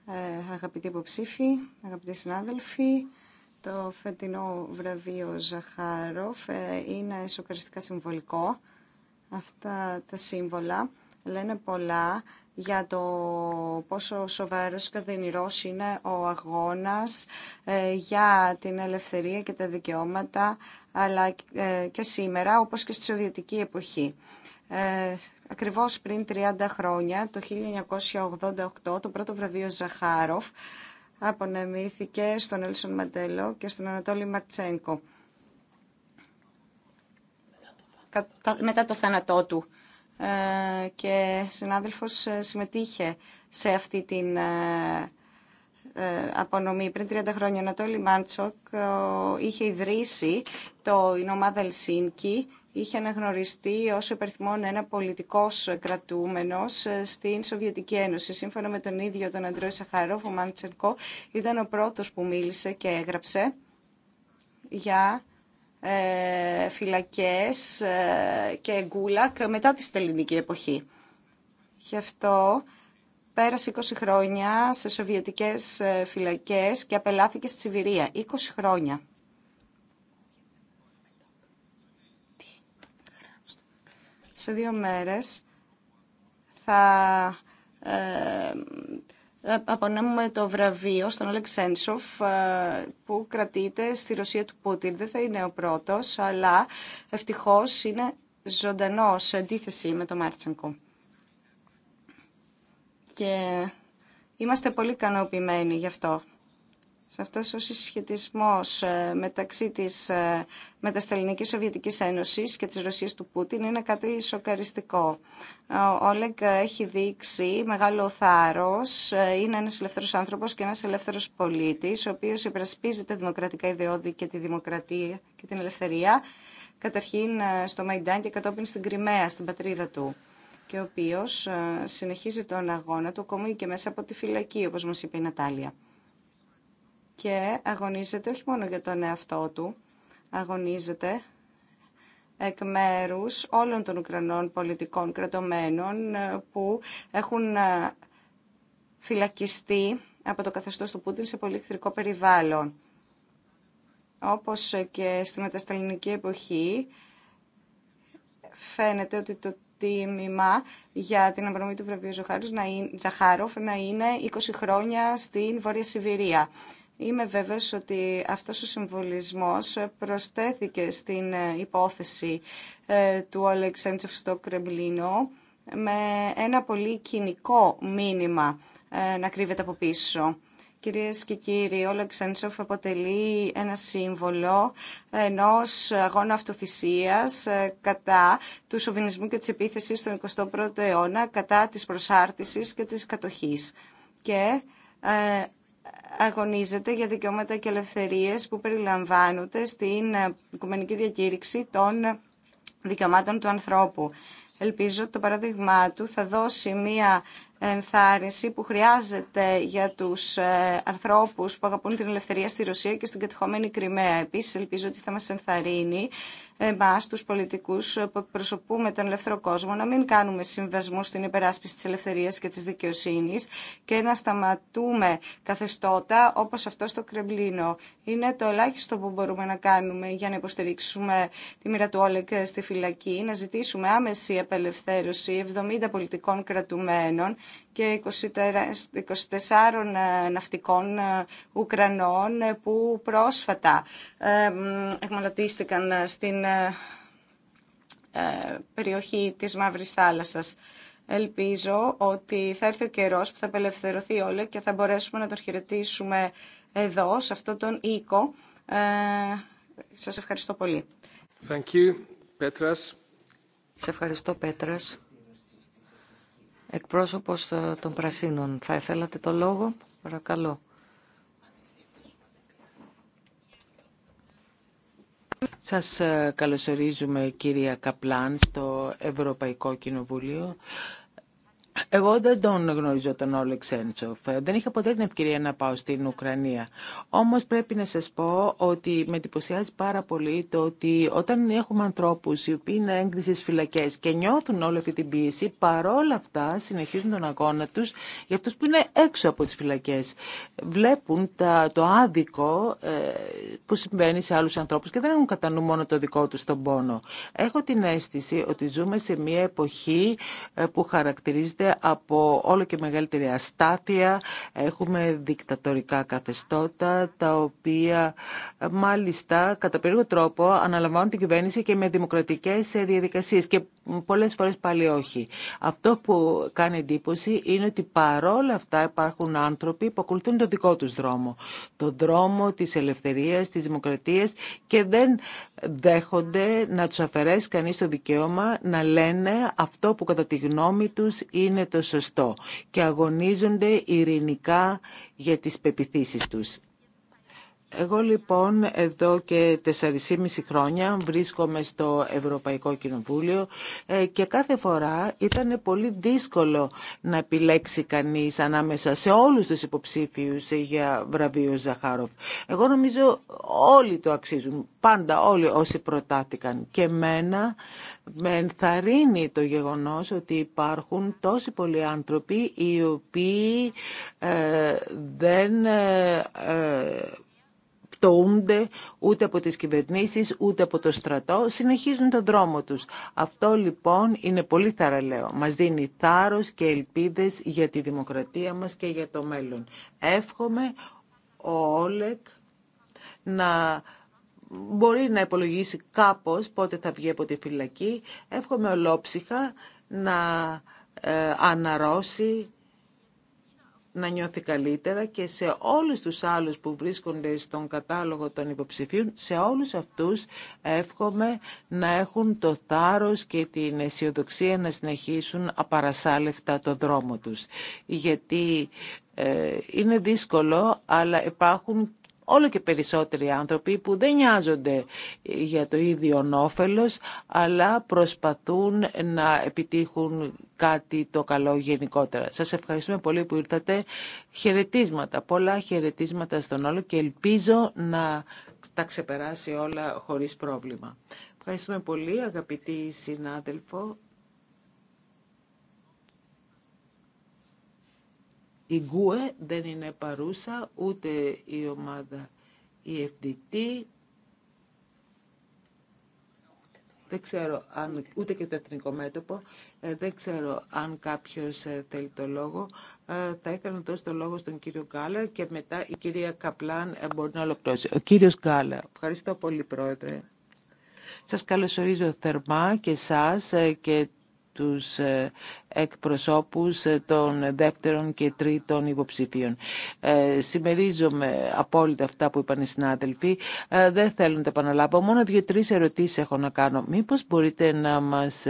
ε, αγαπητοί υποψήφοι, αγαπητοί συνάδελφοι, το φετινό βραβείο Ζαχάροφ ε, είναι σοκαριστικά συμβολικό. Αυτά τα σύμβολα λένε πολλά για το πόσο σοβαρός και δυνηρός είναι ο αγώνας ε, για την ελευθερία και τα δικαιώματα αλλά και σήμερα όπως και στη Σοβιετική εποχή. Ε, ακριβώς πριν 30 χρόνια, το 1988, το πρώτο βραβείο Ζαχάροφ απονεμήθηκε στον Έλσον Μαντέλο και στον Ανατόλη Μαρτσένκο. Μετά το θάνατό του ε, και συνάδελφος ε, συμμετείχε σε αυτή την ε, ε, απονομή. Πριν 30 χρόνια ο Ανατόλη Μάντσοκ είχε ιδρύσει το, την ομάδα Ελσίνκη είχε αναγνωριστεί ως υπερθυμόν ένα πολιτικός κρατούμενος ε, στην Σοβιετική Ένωση. Σύμφωνα με τον ίδιο τον Αντρόη Σαχαρόφ, ο Μάντσερκο ήταν ο πρώτος που μίλησε και έγραψε για ε, φυλακές ε, και γκούλακ μετά τη στελινική εποχή. Γι' αυτό πέρασε 20 χρόνια σε σοβιετικές ε, φυλακές και απελάθηκε στη Σιβηρία. 20 χρόνια. σε δύο μέρες θα ε, ε, απονέμουμε το βραβείο στον Αλεξένσοφ ε, που κρατείται στη Ρωσία του Πούτιν. Δεν θα είναι ο πρώτος, αλλά ευτυχώς είναι ζωντανό σε αντίθεση με το Μάρτσενκο. Και είμαστε πολύ ικανοποιημένοι γι' αυτό σε αυτός ο συσχετισμός ε, μεταξύ της ε, μετασταλινικής Σοβιετικής Ένωσης και της Ρωσίας του Πούτιν είναι κάτι σοκαριστικό. Ο Όλεγκ έχει δείξει μεγάλο θάρρος, ε, είναι ένας ελεύθερος άνθρωπος και ένας ελεύθερος πολίτης, ο οποίος υπερασπίζεται δημοκρατικά ιδεώδη και τη δημοκρατία και την ελευθερία, καταρχήν στο Μαϊντάν και κατόπιν στην Κρυμαία, στην πατρίδα του και ο οποίος συνεχίζει τον αγώνα του ακόμη και μέσα από τη φυλακή, όπως μας είπε η Νατάλια και αγωνίζεται όχι μόνο για τον εαυτό του, αγωνίζεται εκ μέρους όλων των Ουκρανών πολιτικών κρατομένων ε, που έχουν ε, φυλακιστεί από το καθεστώς του Πούτιν σε πολύ εχθρικό περιβάλλον. Όπως και στη μετασταλινική εποχή, φαίνεται ότι το τίμημα για την αμπρομή του βραβείου Ζαχάροφ να είναι 20 χρόνια στην Βόρεια Σιβηρία. Είμαι βέβαιος ότι αυτός ο συμβολισμός προσθέθηκε στην ε, υπόθεση ε, του Αλεξάντσοφ στο Κρεμλίνο με ένα πολύ κοινικό μήνυμα ε, να κρύβεται από πίσω. Κυρίες και κύριοι, ο Όλεξέντσοφ αποτελεί ένα σύμβολο ενός αγώνα αυτοθυσίας κατά του σοβινισμού και της επίθεσης στον 21ο αιώνα, κατά της προσάρτησης και της κατοχής. Και αγωνίζεται για δικαιώματα και ελευθερίες που περιλαμβάνονται στην ε, Οικουμενική Διακήρυξη των ε, Δικαιωμάτων του Ανθρώπου. Ελπίζω ότι το παράδειγμά του θα δώσει μία ενθάρρυνση που χρειάζεται για τους ε, ανθρώπους που αγαπούν την ελευθερία στη Ρωσία και στην κατεχόμενη Κρυμαία. Επίσης, ελπίζω ότι θα μας ενθαρρύνει Εμά, του πολιτικού που εκπροσωπούμε τον ελεύθερο κόσμο να μην κάνουμε συμβασμού στην υπεράσπιση τη ελευθερία και τη δικαιοσύνη και να σταματούμε καθεστώτα όπω αυτό στο Κρεμπλίνο. Είναι το ελάχιστο που μπορούμε να κάνουμε για να υποστηρίξουμε τη μοίρα του Όλεκ στη φυλακή, να ζητήσουμε άμεση απελευθέρωση 70 πολιτικών κρατουμένων και 24 ε, ναυτικών ε, Ουκρανών ε, που πρόσφατα εγμαλωτίστηκαν στην ε, ε, περιοχή της Μαύρης Θάλασσας. Ελπίζω ότι θα έρθει ο καιρός που θα απελευθερωθεί όλο και θα μπορέσουμε να τον χαιρετήσουμε εδώ, σε αυτόν τον οίκο. Ε, σας ευχαριστώ πολύ. Thank you, Petras. Σε ευχαριστώ, Πέτρας. Εκπρόσωπος ε, των Πρασίνων, θα ήθελατε το λόγο, παρακαλώ. Σας ε, καλωσορίζουμε κυρία Καπλάν στο Ευρωπαϊκό Κοινοβούλιο. Εγώ δεν τον γνωρίζω τον Όλεξ Έντσοφ. Ε, δεν είχα ποτέ την ευκαιρία να πάω στην Ουκρανία. Όμως πρέπει να σας πω ότι με εντυπωσιάζει πάρα πολύ το ότι όταν έχουμε ανθρώπους οι οποίοι είναι έγκριση φυλακές και νιώθουν όλη αυτή την πίεση, παρόλα αυτά συνεχίζουν τον αγώνα τους για αυτούς που είναι έξω από τις φυλακές. Βλέπουν τα, το άδικο ε, που συμβαίνει σε άλλους ανθρώπους και δεν έχουν κατά νου μόνο το δικό τους τον πόνο. Έχω την αίσθηση ότι ζούμε σε μια εποχή ε, που χαρακτηρίζεται από όλο και μεγαλύτερη αστάθεια. Έχουμε δικτατορικά καθεστώτα, τα οποία ε, μάλιστα κατά περίπου τρόπο αναλαμβάνουν την κυβέρνηση και με δημοκρατικές ε, διαδικασίες και πολλές φορές πάλι όχι. Αυτό που κάνει εντύπωση είναι ότι παρόλα αυτά υπάρχουν άνθρωποι που ακολουθούν τον δικό τους δρόμο. Το δρόμο της ελευθερίας, της δημοκρατίας και δεν δέχονται να τους αφαιρέσει κανείς το δικαίωμα να λένε αυτό που κατά τη γνώμη τους είναι είναι το σωστό και αγωνίζονται ειρηνικά για τις πεπιθήσεις τους. Εγώ λοιπόν εδώ και 4,5 χρόνια βρίσκομαι στο Ευρωπαϊκό Κοινοβούλιο ε, και κάθε φορά ήταν πολύ δύσκολο να επιλέξει κανείς ανάμεσα σε όλους τους υποψήφιους για βραβείο Ζαχάροφ. Εγώ νομίζω όλοι το αξίζουν, πάντα όλοι όσοι προτάθηκαν και μένα με ενθαρρύνει το γεγονός ότι υπάρχουν τόσοι πολλοί άνθρωποι οι οποίοι ε, δεν ε, τοούνται ούτε από τις κυβερνήσεις, ούτε από το στρατό, συνεχίζουν τον δρόμο τους. Αυτό λοιπόν είναι πολύ θαραλέο. Μας δίνει θάρρος και ελπίδες για τη δημοκρατία μας και για το μέλλον. Εύχομαι ο Όλεκ να μπορεί να υπολογίσει κάπως πότε θα βγει από τη φυλακή. Εύχομαι ολόψυχα να ε, αναρωσεί να νιώθει καλύτερα και σε όλους τους άλλους που βρίσκονται στον κατάλογο των υποψηφίων, σε όλους αυτούς εύχομαι να έχουν το θάρρος και την αισιοδοξία να συνεχίσουν απαρασάλευτα το δρόμο τους. Γιατί ε, είναι δύσκολο, αλλά υπάρχουν όλο και περισσότεροι άνθρωποι που δεν νοιάζονται για το ίδιο όφελος, αλλά προσπαθούν να επιτύχουν κάτι το καλό γενικότερα. Σας ευχαριστούμε πολύ που ήρθατε. Χαιρετίσματα, πολλά χαιρετίσματα στον όλο και ελπίζω να τα ξεπεράσει όλα χωρίς πρόβλημα. Ευχαριστούμε πολύ αγαπητή συνάδελφο. Η Γκουε δεν είναι παρούσα, ούτε η ομάδα η FDT. Δεν ξέρω αν, ούτε και το εθνικό μέτωπο, ε, δεν ξέρω αν κάποιος ε, θέλει το λόγο. Ε, θα ήθελα να δώσω το λόγο στον κύριο Γκάλα και μετά η κυρία Καπλάν μπορεί να ολοκληρώσει. Ο κύριος Γκάλα, ευχαριστώ πολύ πρόεδρε. Σας καλωσορίζω θερμά και σας και τους ε, εκπροσώπους ε, των δεύτερων και τρίτων υποψηφίων. Ε, συμμερίζομαι απόλυτα αυτά που είπαν οι συνάδελφοι. Ε, δεν θέλουν να τα επαναλάβω. Μόνο δύο-τρεις ερωτήσεις έχω να κάνω. Μήπως μπορείτε να μας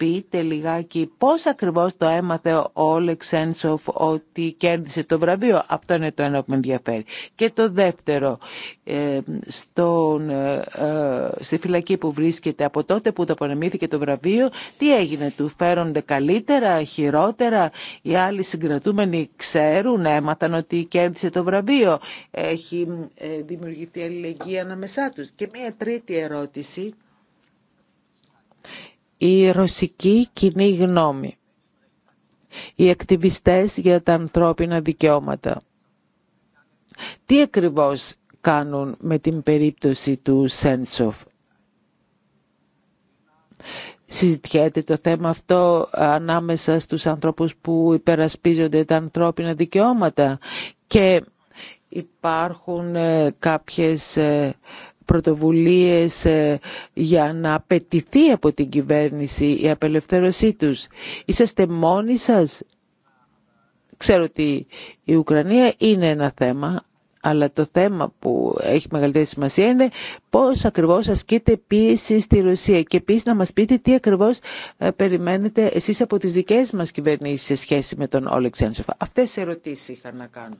πείτε λιγάκι πώς ακριβώς το έμαθε ο Λεξένσοφ ότι κέρδισε το βραβείο. Αυτό είναι το ένα που με ενδιαφέρει. Και το δεύτερο, ε, στον, ε, ε, στη φυλακή που βρίσκεται από τότε που το απονεμήθηκε το βραβείο, τι έγινε, του φέρονται καλύτερα, χειρότερα, οι άλλοι συγκρατούμενοι ξέρουν, έμαθαν ότι κέρδισε το βραβείο. Έχει δημιουργηθεί αλληλεγγύη ανάμεσά τους. Και μία τρίτη ερώτηση η ρωσική κοινή γνώμη, οι ακτιβιστές για τα ανθρώπινα δικαιώματα. Τι ακριβώς κάνουν με την περίπτωση του Σένσοφ. Συζητιέται το θέμα αυτό ανάμεσα στους ανθρώπους που υπερασπίζονται τα ανθρώπινα δικαιώματα και υπάρχουν ε, κάποιες ε, πρωτοβουλίες ε, για να απαιτηθεί από την κυβέρνηση η απελευθέρωσή τους. Είσαστε μόνοι σας. Ξέρω ότι η Ουκρανία είναι ένα θέμα, αλλά το θέμα που έχει μεγαλύτερη σημασία είναι πώς ακριβώς ασκείται πίεση στη Ρωσία και επίση να μας πείτε τι ακριβώς ε, περιμένετε εσείς από τις δικές μας κυβερνήσεις σε σχέση με τον Ένσοφα. Αυτές οι ερωτήσεις είχα να κάνω.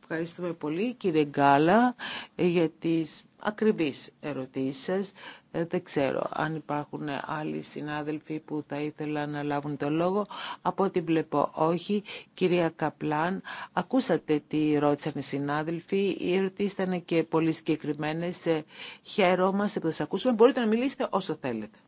Ευχαριστούμε πολύ κύριε Γκάλα για τις ακριβείς ερωτήσεις. Ε, δεν ξέρω αν υπάρχουν άλλοι συνάδελφοι που θα ήθελαν να λάβουν το λόγο. Από ό,τι βλέπω όχι. Κυρία Καπλάν, ακούσατε τι ρώτησαν οι συνάδελφοι. Οι ερωτήσεις ήταν και πολύ συγκεκριμένε. Ε, Χαίρομαστε που θα σας ακούσουμε. Μπορείτε να μιλήσετε όσο θέλετε.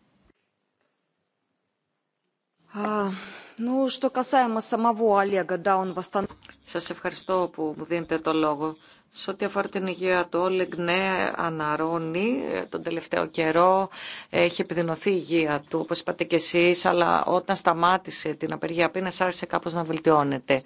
Σας ευχαριστώ που μου δίνετε το λόγο. Σε ό,τι αφορά την υγεία του όλοι ναι, αναρώνει. Ε, τον τελευταίο καιρό έχει επιδεινωθεί η υγεία του, όπως είπατε και εσείς, αλλά όταν σταμάτησε την απεργία πίνας άρχισε κάπως να βελτιώνεται.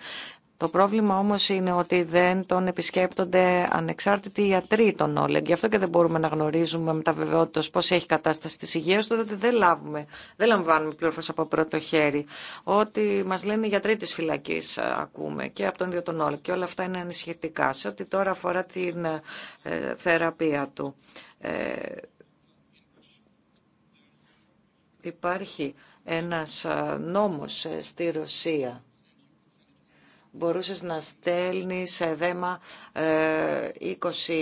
Το πρόβλημα όμως είναι ότι δεν τον επισκέπτονται ανεξάρτητοι ιατροί τον Όλεγκ. Γι' αυτό και δεν μπορούμε να γνωρίζουμε με τα βεβαιότητα πώς έχει κατάσταση της υγείας του, διότι δεν, λάβουμε, δεν λαμβάνουμε πληροφορίες από πρώτο χέρι. Ότι μας λένε οι γιατροί της φυλακής ε, ακούμε και από τον ίδιο τον Όλεγκ. Και όλα αυτά είναι ανησυχητικά σε ό,τι τώρα αφορά την ε, ε, θεραπεία του. υπάρχει ένας νόμος στη Ρωσία μπορούσες να στέλνεις δέμα 20 ε,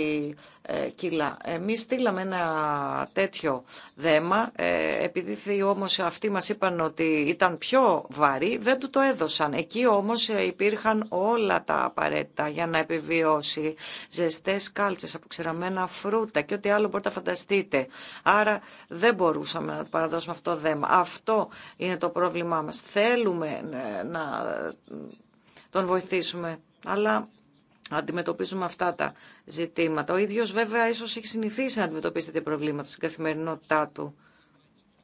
ε, κιλά. Εμείς στείλαμε ένα τέτοιο δέμα, ε, επειδή όμως αυτοί μας είπαν ότι ήταν πιο βαρύ, δεν του το έδωσαν. Εκεί όμως υπήρχαν όλα τα απαραίτητα για να επιβιώσει ζεστές κάλτσες, αποξηραμένα φρούτα και ό,τι άλλο μπορείτε να φανταστείτε. Άρα δεν μπορούσαμε να του παραδώσουμε αυτό το δέμα. Αυτό είναι το πρόβλημά μας. Θέλουμε να τον βοηθήσουμε. Αλλά αντιμετωπίζουμε αυτά τα ζητήματα. Ο ίδιος βέβαια ίσως έχει συνηθίσει να αντιμετωπίσει τα προβλήματα στην καθημερινότητά του.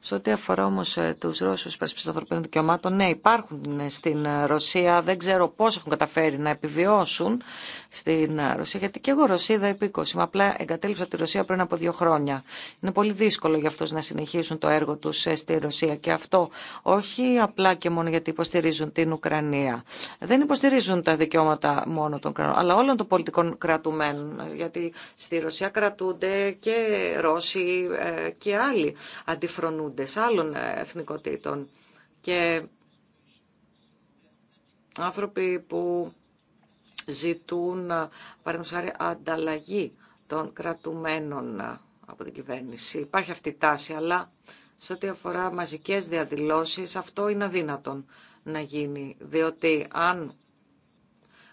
Σε ό,τι αφορά όμω ε, του Ρώσου υπερασπιστέ ανθρωπίνων δικαιωμάτων, ναι, υπάρχουν ε, στην ε, Ρωσία. Δεν ξέρω πώ έχουν καταφέρει να επιβιώσουν στην Ρωσία, γιατί και εγώ Ρωσίδα επίκοση. Μα απλά εγκατέλειψα τη Ρωσία πριν από δύο χρόνια. Είναι πολύ δύσκολο για αυτού να συνεχίσουν το έργο του στη Ρωσία. Και αυτό όχι απλά και μόνο γιατί υποστηρίζουν την Ουκρανία. Δεν υποστηρίζουν τα δικαιώματα μόνο των κρατών, αλλά όλων των πολιτικών κρατουμένων. Γιατί στη Ρωσία κρατούνται και Ρώσοι και άλλοι αντιφρονούνται εθνικότητες, άλλων ε, εθνικότητων και άνθρωποι που ζητούν ε, παραδείγματος ανταλλαγή των κρατουμένων ε, από την κυβέρνηση. Υπάρχει αυτή η τάση, αλλά σε ό,τι αφορά μαζικές διαδηλώσεις αυτό είναι αδύνατον να γίνει, διότι αν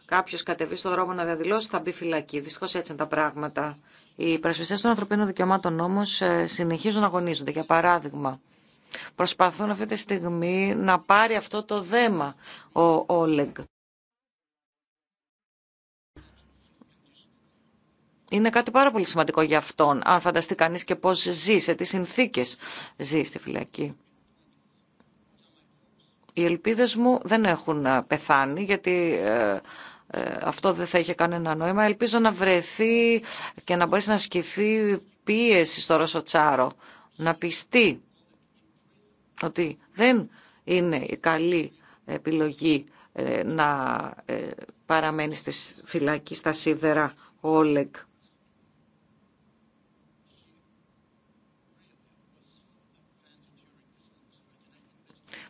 κάποιο κατεβεί στον δρόμο να διαδηλώσει, θα μπει φυλακή. Δυστυχώ έτσι είναι τα πράγματα. Οι υπερασπιστέ των ανθρωπίνων δικαιωμάτων όμω ε, συνεχίζουν να αγωνίζονται. Για παράδειγμα, προσπαθούν αυτή τη στιγμή να πάρει αυτό το δέμα ο Όλεγκ. Είναι κάτι πάρα πολύ σημαντικό για αυτόν, αν φανταστεί κανεί και πώ ζει, σε τι συνθήκε ζει στη φυλακή. Οι ελπίδες μου δεν έχουν ε, πεθάνει, γιατί ε, ε, αυτό δεν θα είχε κανένα νόημα. Ελπίζω να βρεθεί και να μπορέσει να ασκηθεί πίεση στο Τσάρο να πιστεί ότι δεν είναι η καλή επιλογή ε, να ε, παραμένει στη φυλακή στα σίδερα ο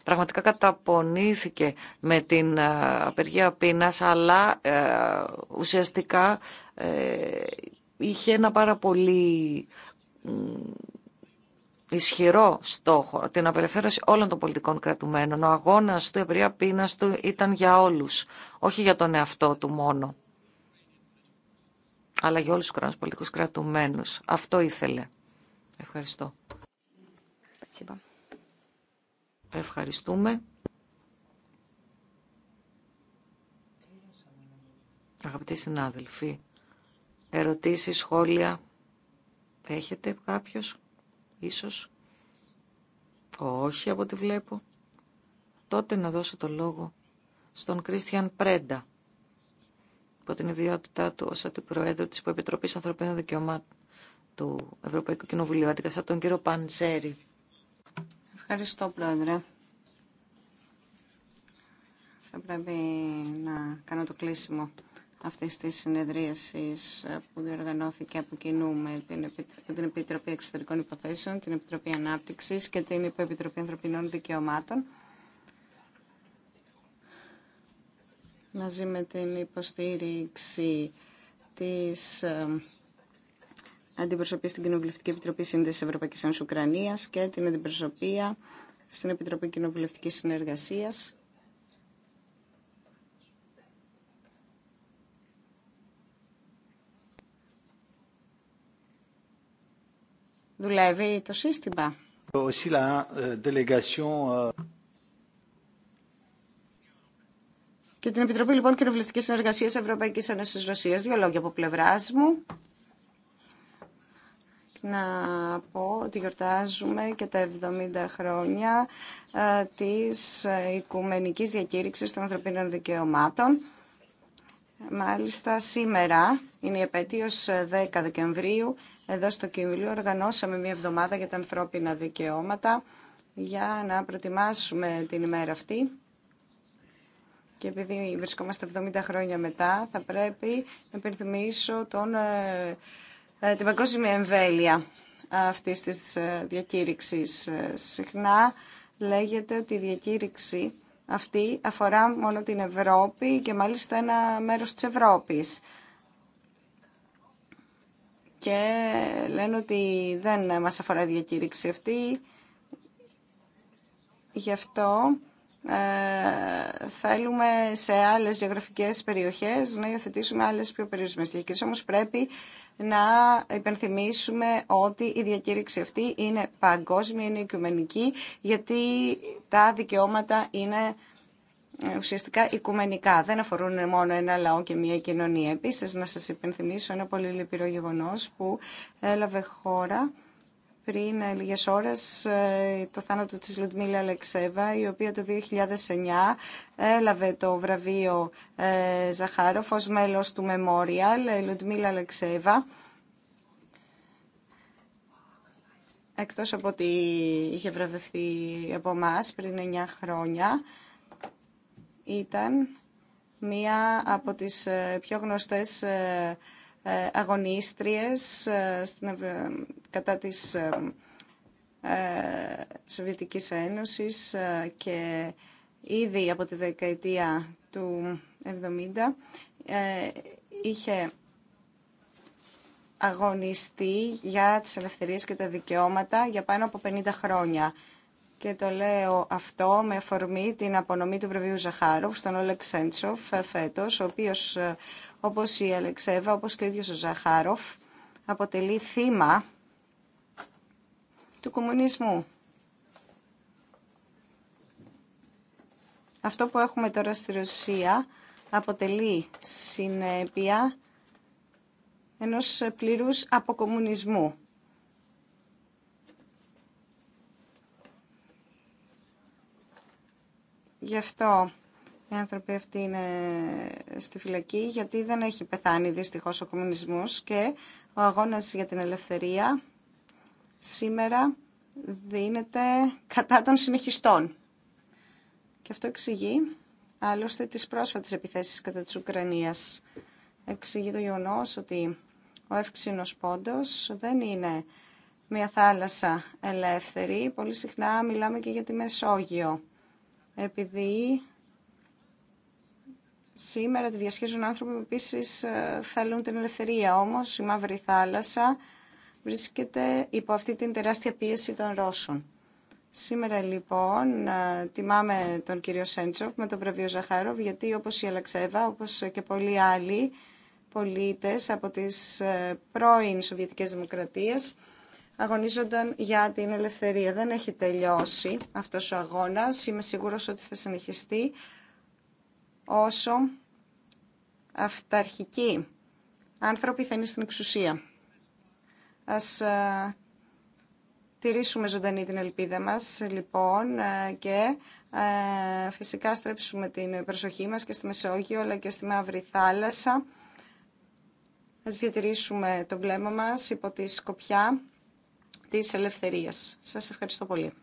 πραγματικά καταπονήθηκε με την ε, απεργία πείνας, αλλά ε, ουσιαστικά ε, είχε ένα πάρα πολύ ισχυρό στόχο, την απελευθέρωση όλων των πολιτικών κρατουμένων. Ο αγώνας του, η απεργία πείνας του ήταν για όλους, όχι για τον εαυτό του μόνο αλλά για όλους τους κράτους πολιτικούς κρατουμένους. Αυτό ήθελε. Ευχαριστώ. Ευχαριστώ. Ευχαριστούμε. Αγαπητοί συνάδελφοι, ερωτήσεις, σχόλια έχετε κάποιος, ίσως. Όχι από ό,τι βλέπω. Τότε να δώσω το λόγο στον Κρίστιαν Πρέντα, από την ιδιότητά του ως αντιπροέδρου της Υποεπιτροπής Ανθρωπίνων Δικαιωμάτων του Ευρωπαϊκού Κοινοβουλίου, αντικαστά τον κύριο Παντσέρη. Ευχαριστώ, Πρόεδρε. Θα πρέπει να κάνω το κλείσιμο αυτή τη συνεδρίαση που διοργανώθηκε από κοινού με την Επιτροπή Εξωτερικών Υποθέσεων, την Επιτροπή Ανάπτυξη και την Επιτροπή Ανθρωπινών Δικαιωμάτων. Μαζί με την υποστήριξη της ε, αντιπροσωπεία στην Κοινοβουλευτική Επιτροπή Σύνδεση Ευρωπαϊκή Ένωση Ουκρανία και την αντιπροσωπεία στην Επιτροπή Κοινοβουλευτική Συνεργασία. Δουλεύει το σύστημα. Ε, ε, και την Επιτροπή λοιπόν Κοινοβουλευτική Συνεργασία Ευρωπαϊκή Ένωση Ρωσία. Δύο λόγια από πλευρά μου να πω ότι γιορτάζουμε και τα 70 χρόνια ε, της ε, Οικουμενικής Διακήρυξης των Ανθρωπίνων Δικαιωμάτων. Μάλιστα σήμερα είναι η επέτειος 10 ε, Δεκεμβρίου. Εδώ στο Κοινοβουλίο οργανώσαμε μια εβδομάδα για τα ανθρώπινα δικαιώματα για να προετοιμάσουμε την ημέρα αυτή. Και επειδή βρισκόμαστε 70 χρόνια μετά, θα πρέπει να υπενθυμίσω τον ε, την παγκόσμια εμβέλεια αυτής της ε, διακήρυξης. Ε, συχνά λέγεται ότι η διακήρυξη αυτή αφορά μόνο την Ευρώπη και μάλιστα ένα μέρος της Ευρώπης. Και λένε ότι δεν μας αφορά η διακήρυξη αυτή. Γι' αυτό ε, θέλουμε σε άλλες γεωγραφικές περιοχές να υιοθετήσουμε άλλες πιο περιορισμένες διακήρυξεις. Όμως πρέπει να υπενθυμίσουμε ότι η διακήρυξη αυτή είναι παγκόσμια, είναι οικουμενική, γιατί τα δικαιώματα είναι ε, ουσιαστικά οικουμενικά. Δεν αφορούν μόνο ένα λαό και μια κοινωνία. Επίσης, να σας υπενθυμίσω ένα πολύ λυπηρό γεγονός που έλαβε χώρα πριν ε, λίγες ώρες ε, το θάνατο της Λουτμίλα Αλεξέβα, η οποία το 2009 έλαβε το βραβείο ε, Ζαχάροφ ως μέλος του Memorial, η Λουτμίλα Αλεξέβα. Εκτός από ότι είχε βραβευτεί από εμά πριν 9 χρόνια, ήταν μία από τις πιο γνωστές ε, αγωνίστριες ε, κατά της ε, Σοβιετικής Ένωσης και ήδη από τη δεκαετία του 70 είχε αγωνιστεί για τις ελευθερίες και τα δικαιώματα για πάνω από 50 χρόνια. Και το λέω αυτό με αφορμή την απονομή του βραβείου Ζαχάροφ στον Όλεξ Σέντσοφ φέτος, ο οποίος όπως η Αλεξέβα, όπως και ο ίδιος ο Ζαχάροφ, αποτελεί θύμα του κομμουνισμού. Αυτό που έχουμε τώρα στη Ρωσία αποτελεί συνέπεια ενός πληρούς αποκομμουνισμού. Γι' αυτό οι άνθρωποι αυτοί είναι στη φυλακή γιατί δεν έχει πεθάνει δυστυχώς ο κομμουνισμός και ο αγώνας για την ελευθερία σήμερα δίνεται κατά των συνεχιστών. Και αυτό εξηγεί άλλωστε τις πρόσφατες επιθέσεις κατά της Ουκρανίας. Εξηγεί το γεγονό ότι ο εύξηνος πόντος δεν είναι μια θάλασσα ελεύθερη. Πολύ συχνά μιλάμε και για τη Μεσόγειο. Επειδή Σήμερα τη διασχίζουν άνθρωποι που επίση ε, θέλουν την ελευθερία. Όμως η Μαύρη Θάλασσα βρίσκεται υπό αυτή την τεράστια πίεση των Ρώσων. Σήμερα λοιπόν ε, τιμάμε τον κύριο Σέντσοφ με τον πρεβείο Ζαχάροβ γιατί όπως η Αλαξέβα, όπως και πολλοί άλλοι πολίτες από τις ε, πρώην Σοβιετικές Δημοκρατίες αγωνίζονταν για την ελευθερία. Δεν έχει τελειώσει αυτός ο αγώνας, είμαι σίγουρος ότι θα συνεχιστεί όσο αυταρχικοί άνθρωποι θα είναι στην εξουσία. Ας ε, τηρήσουμε ζωντανή την ελπίδα μας, λοιπόν, ε, και ε, φυσικά στρέψουμε την προσοχή μας και στη Μεσόγειο, αλλά και στη Μαύρη Θάλασσα. Ας διατηρήσουμε το βλέμμα μας υπό τη σκοπιά της ελευθερίας. Σας ευχαριστώ πολύ.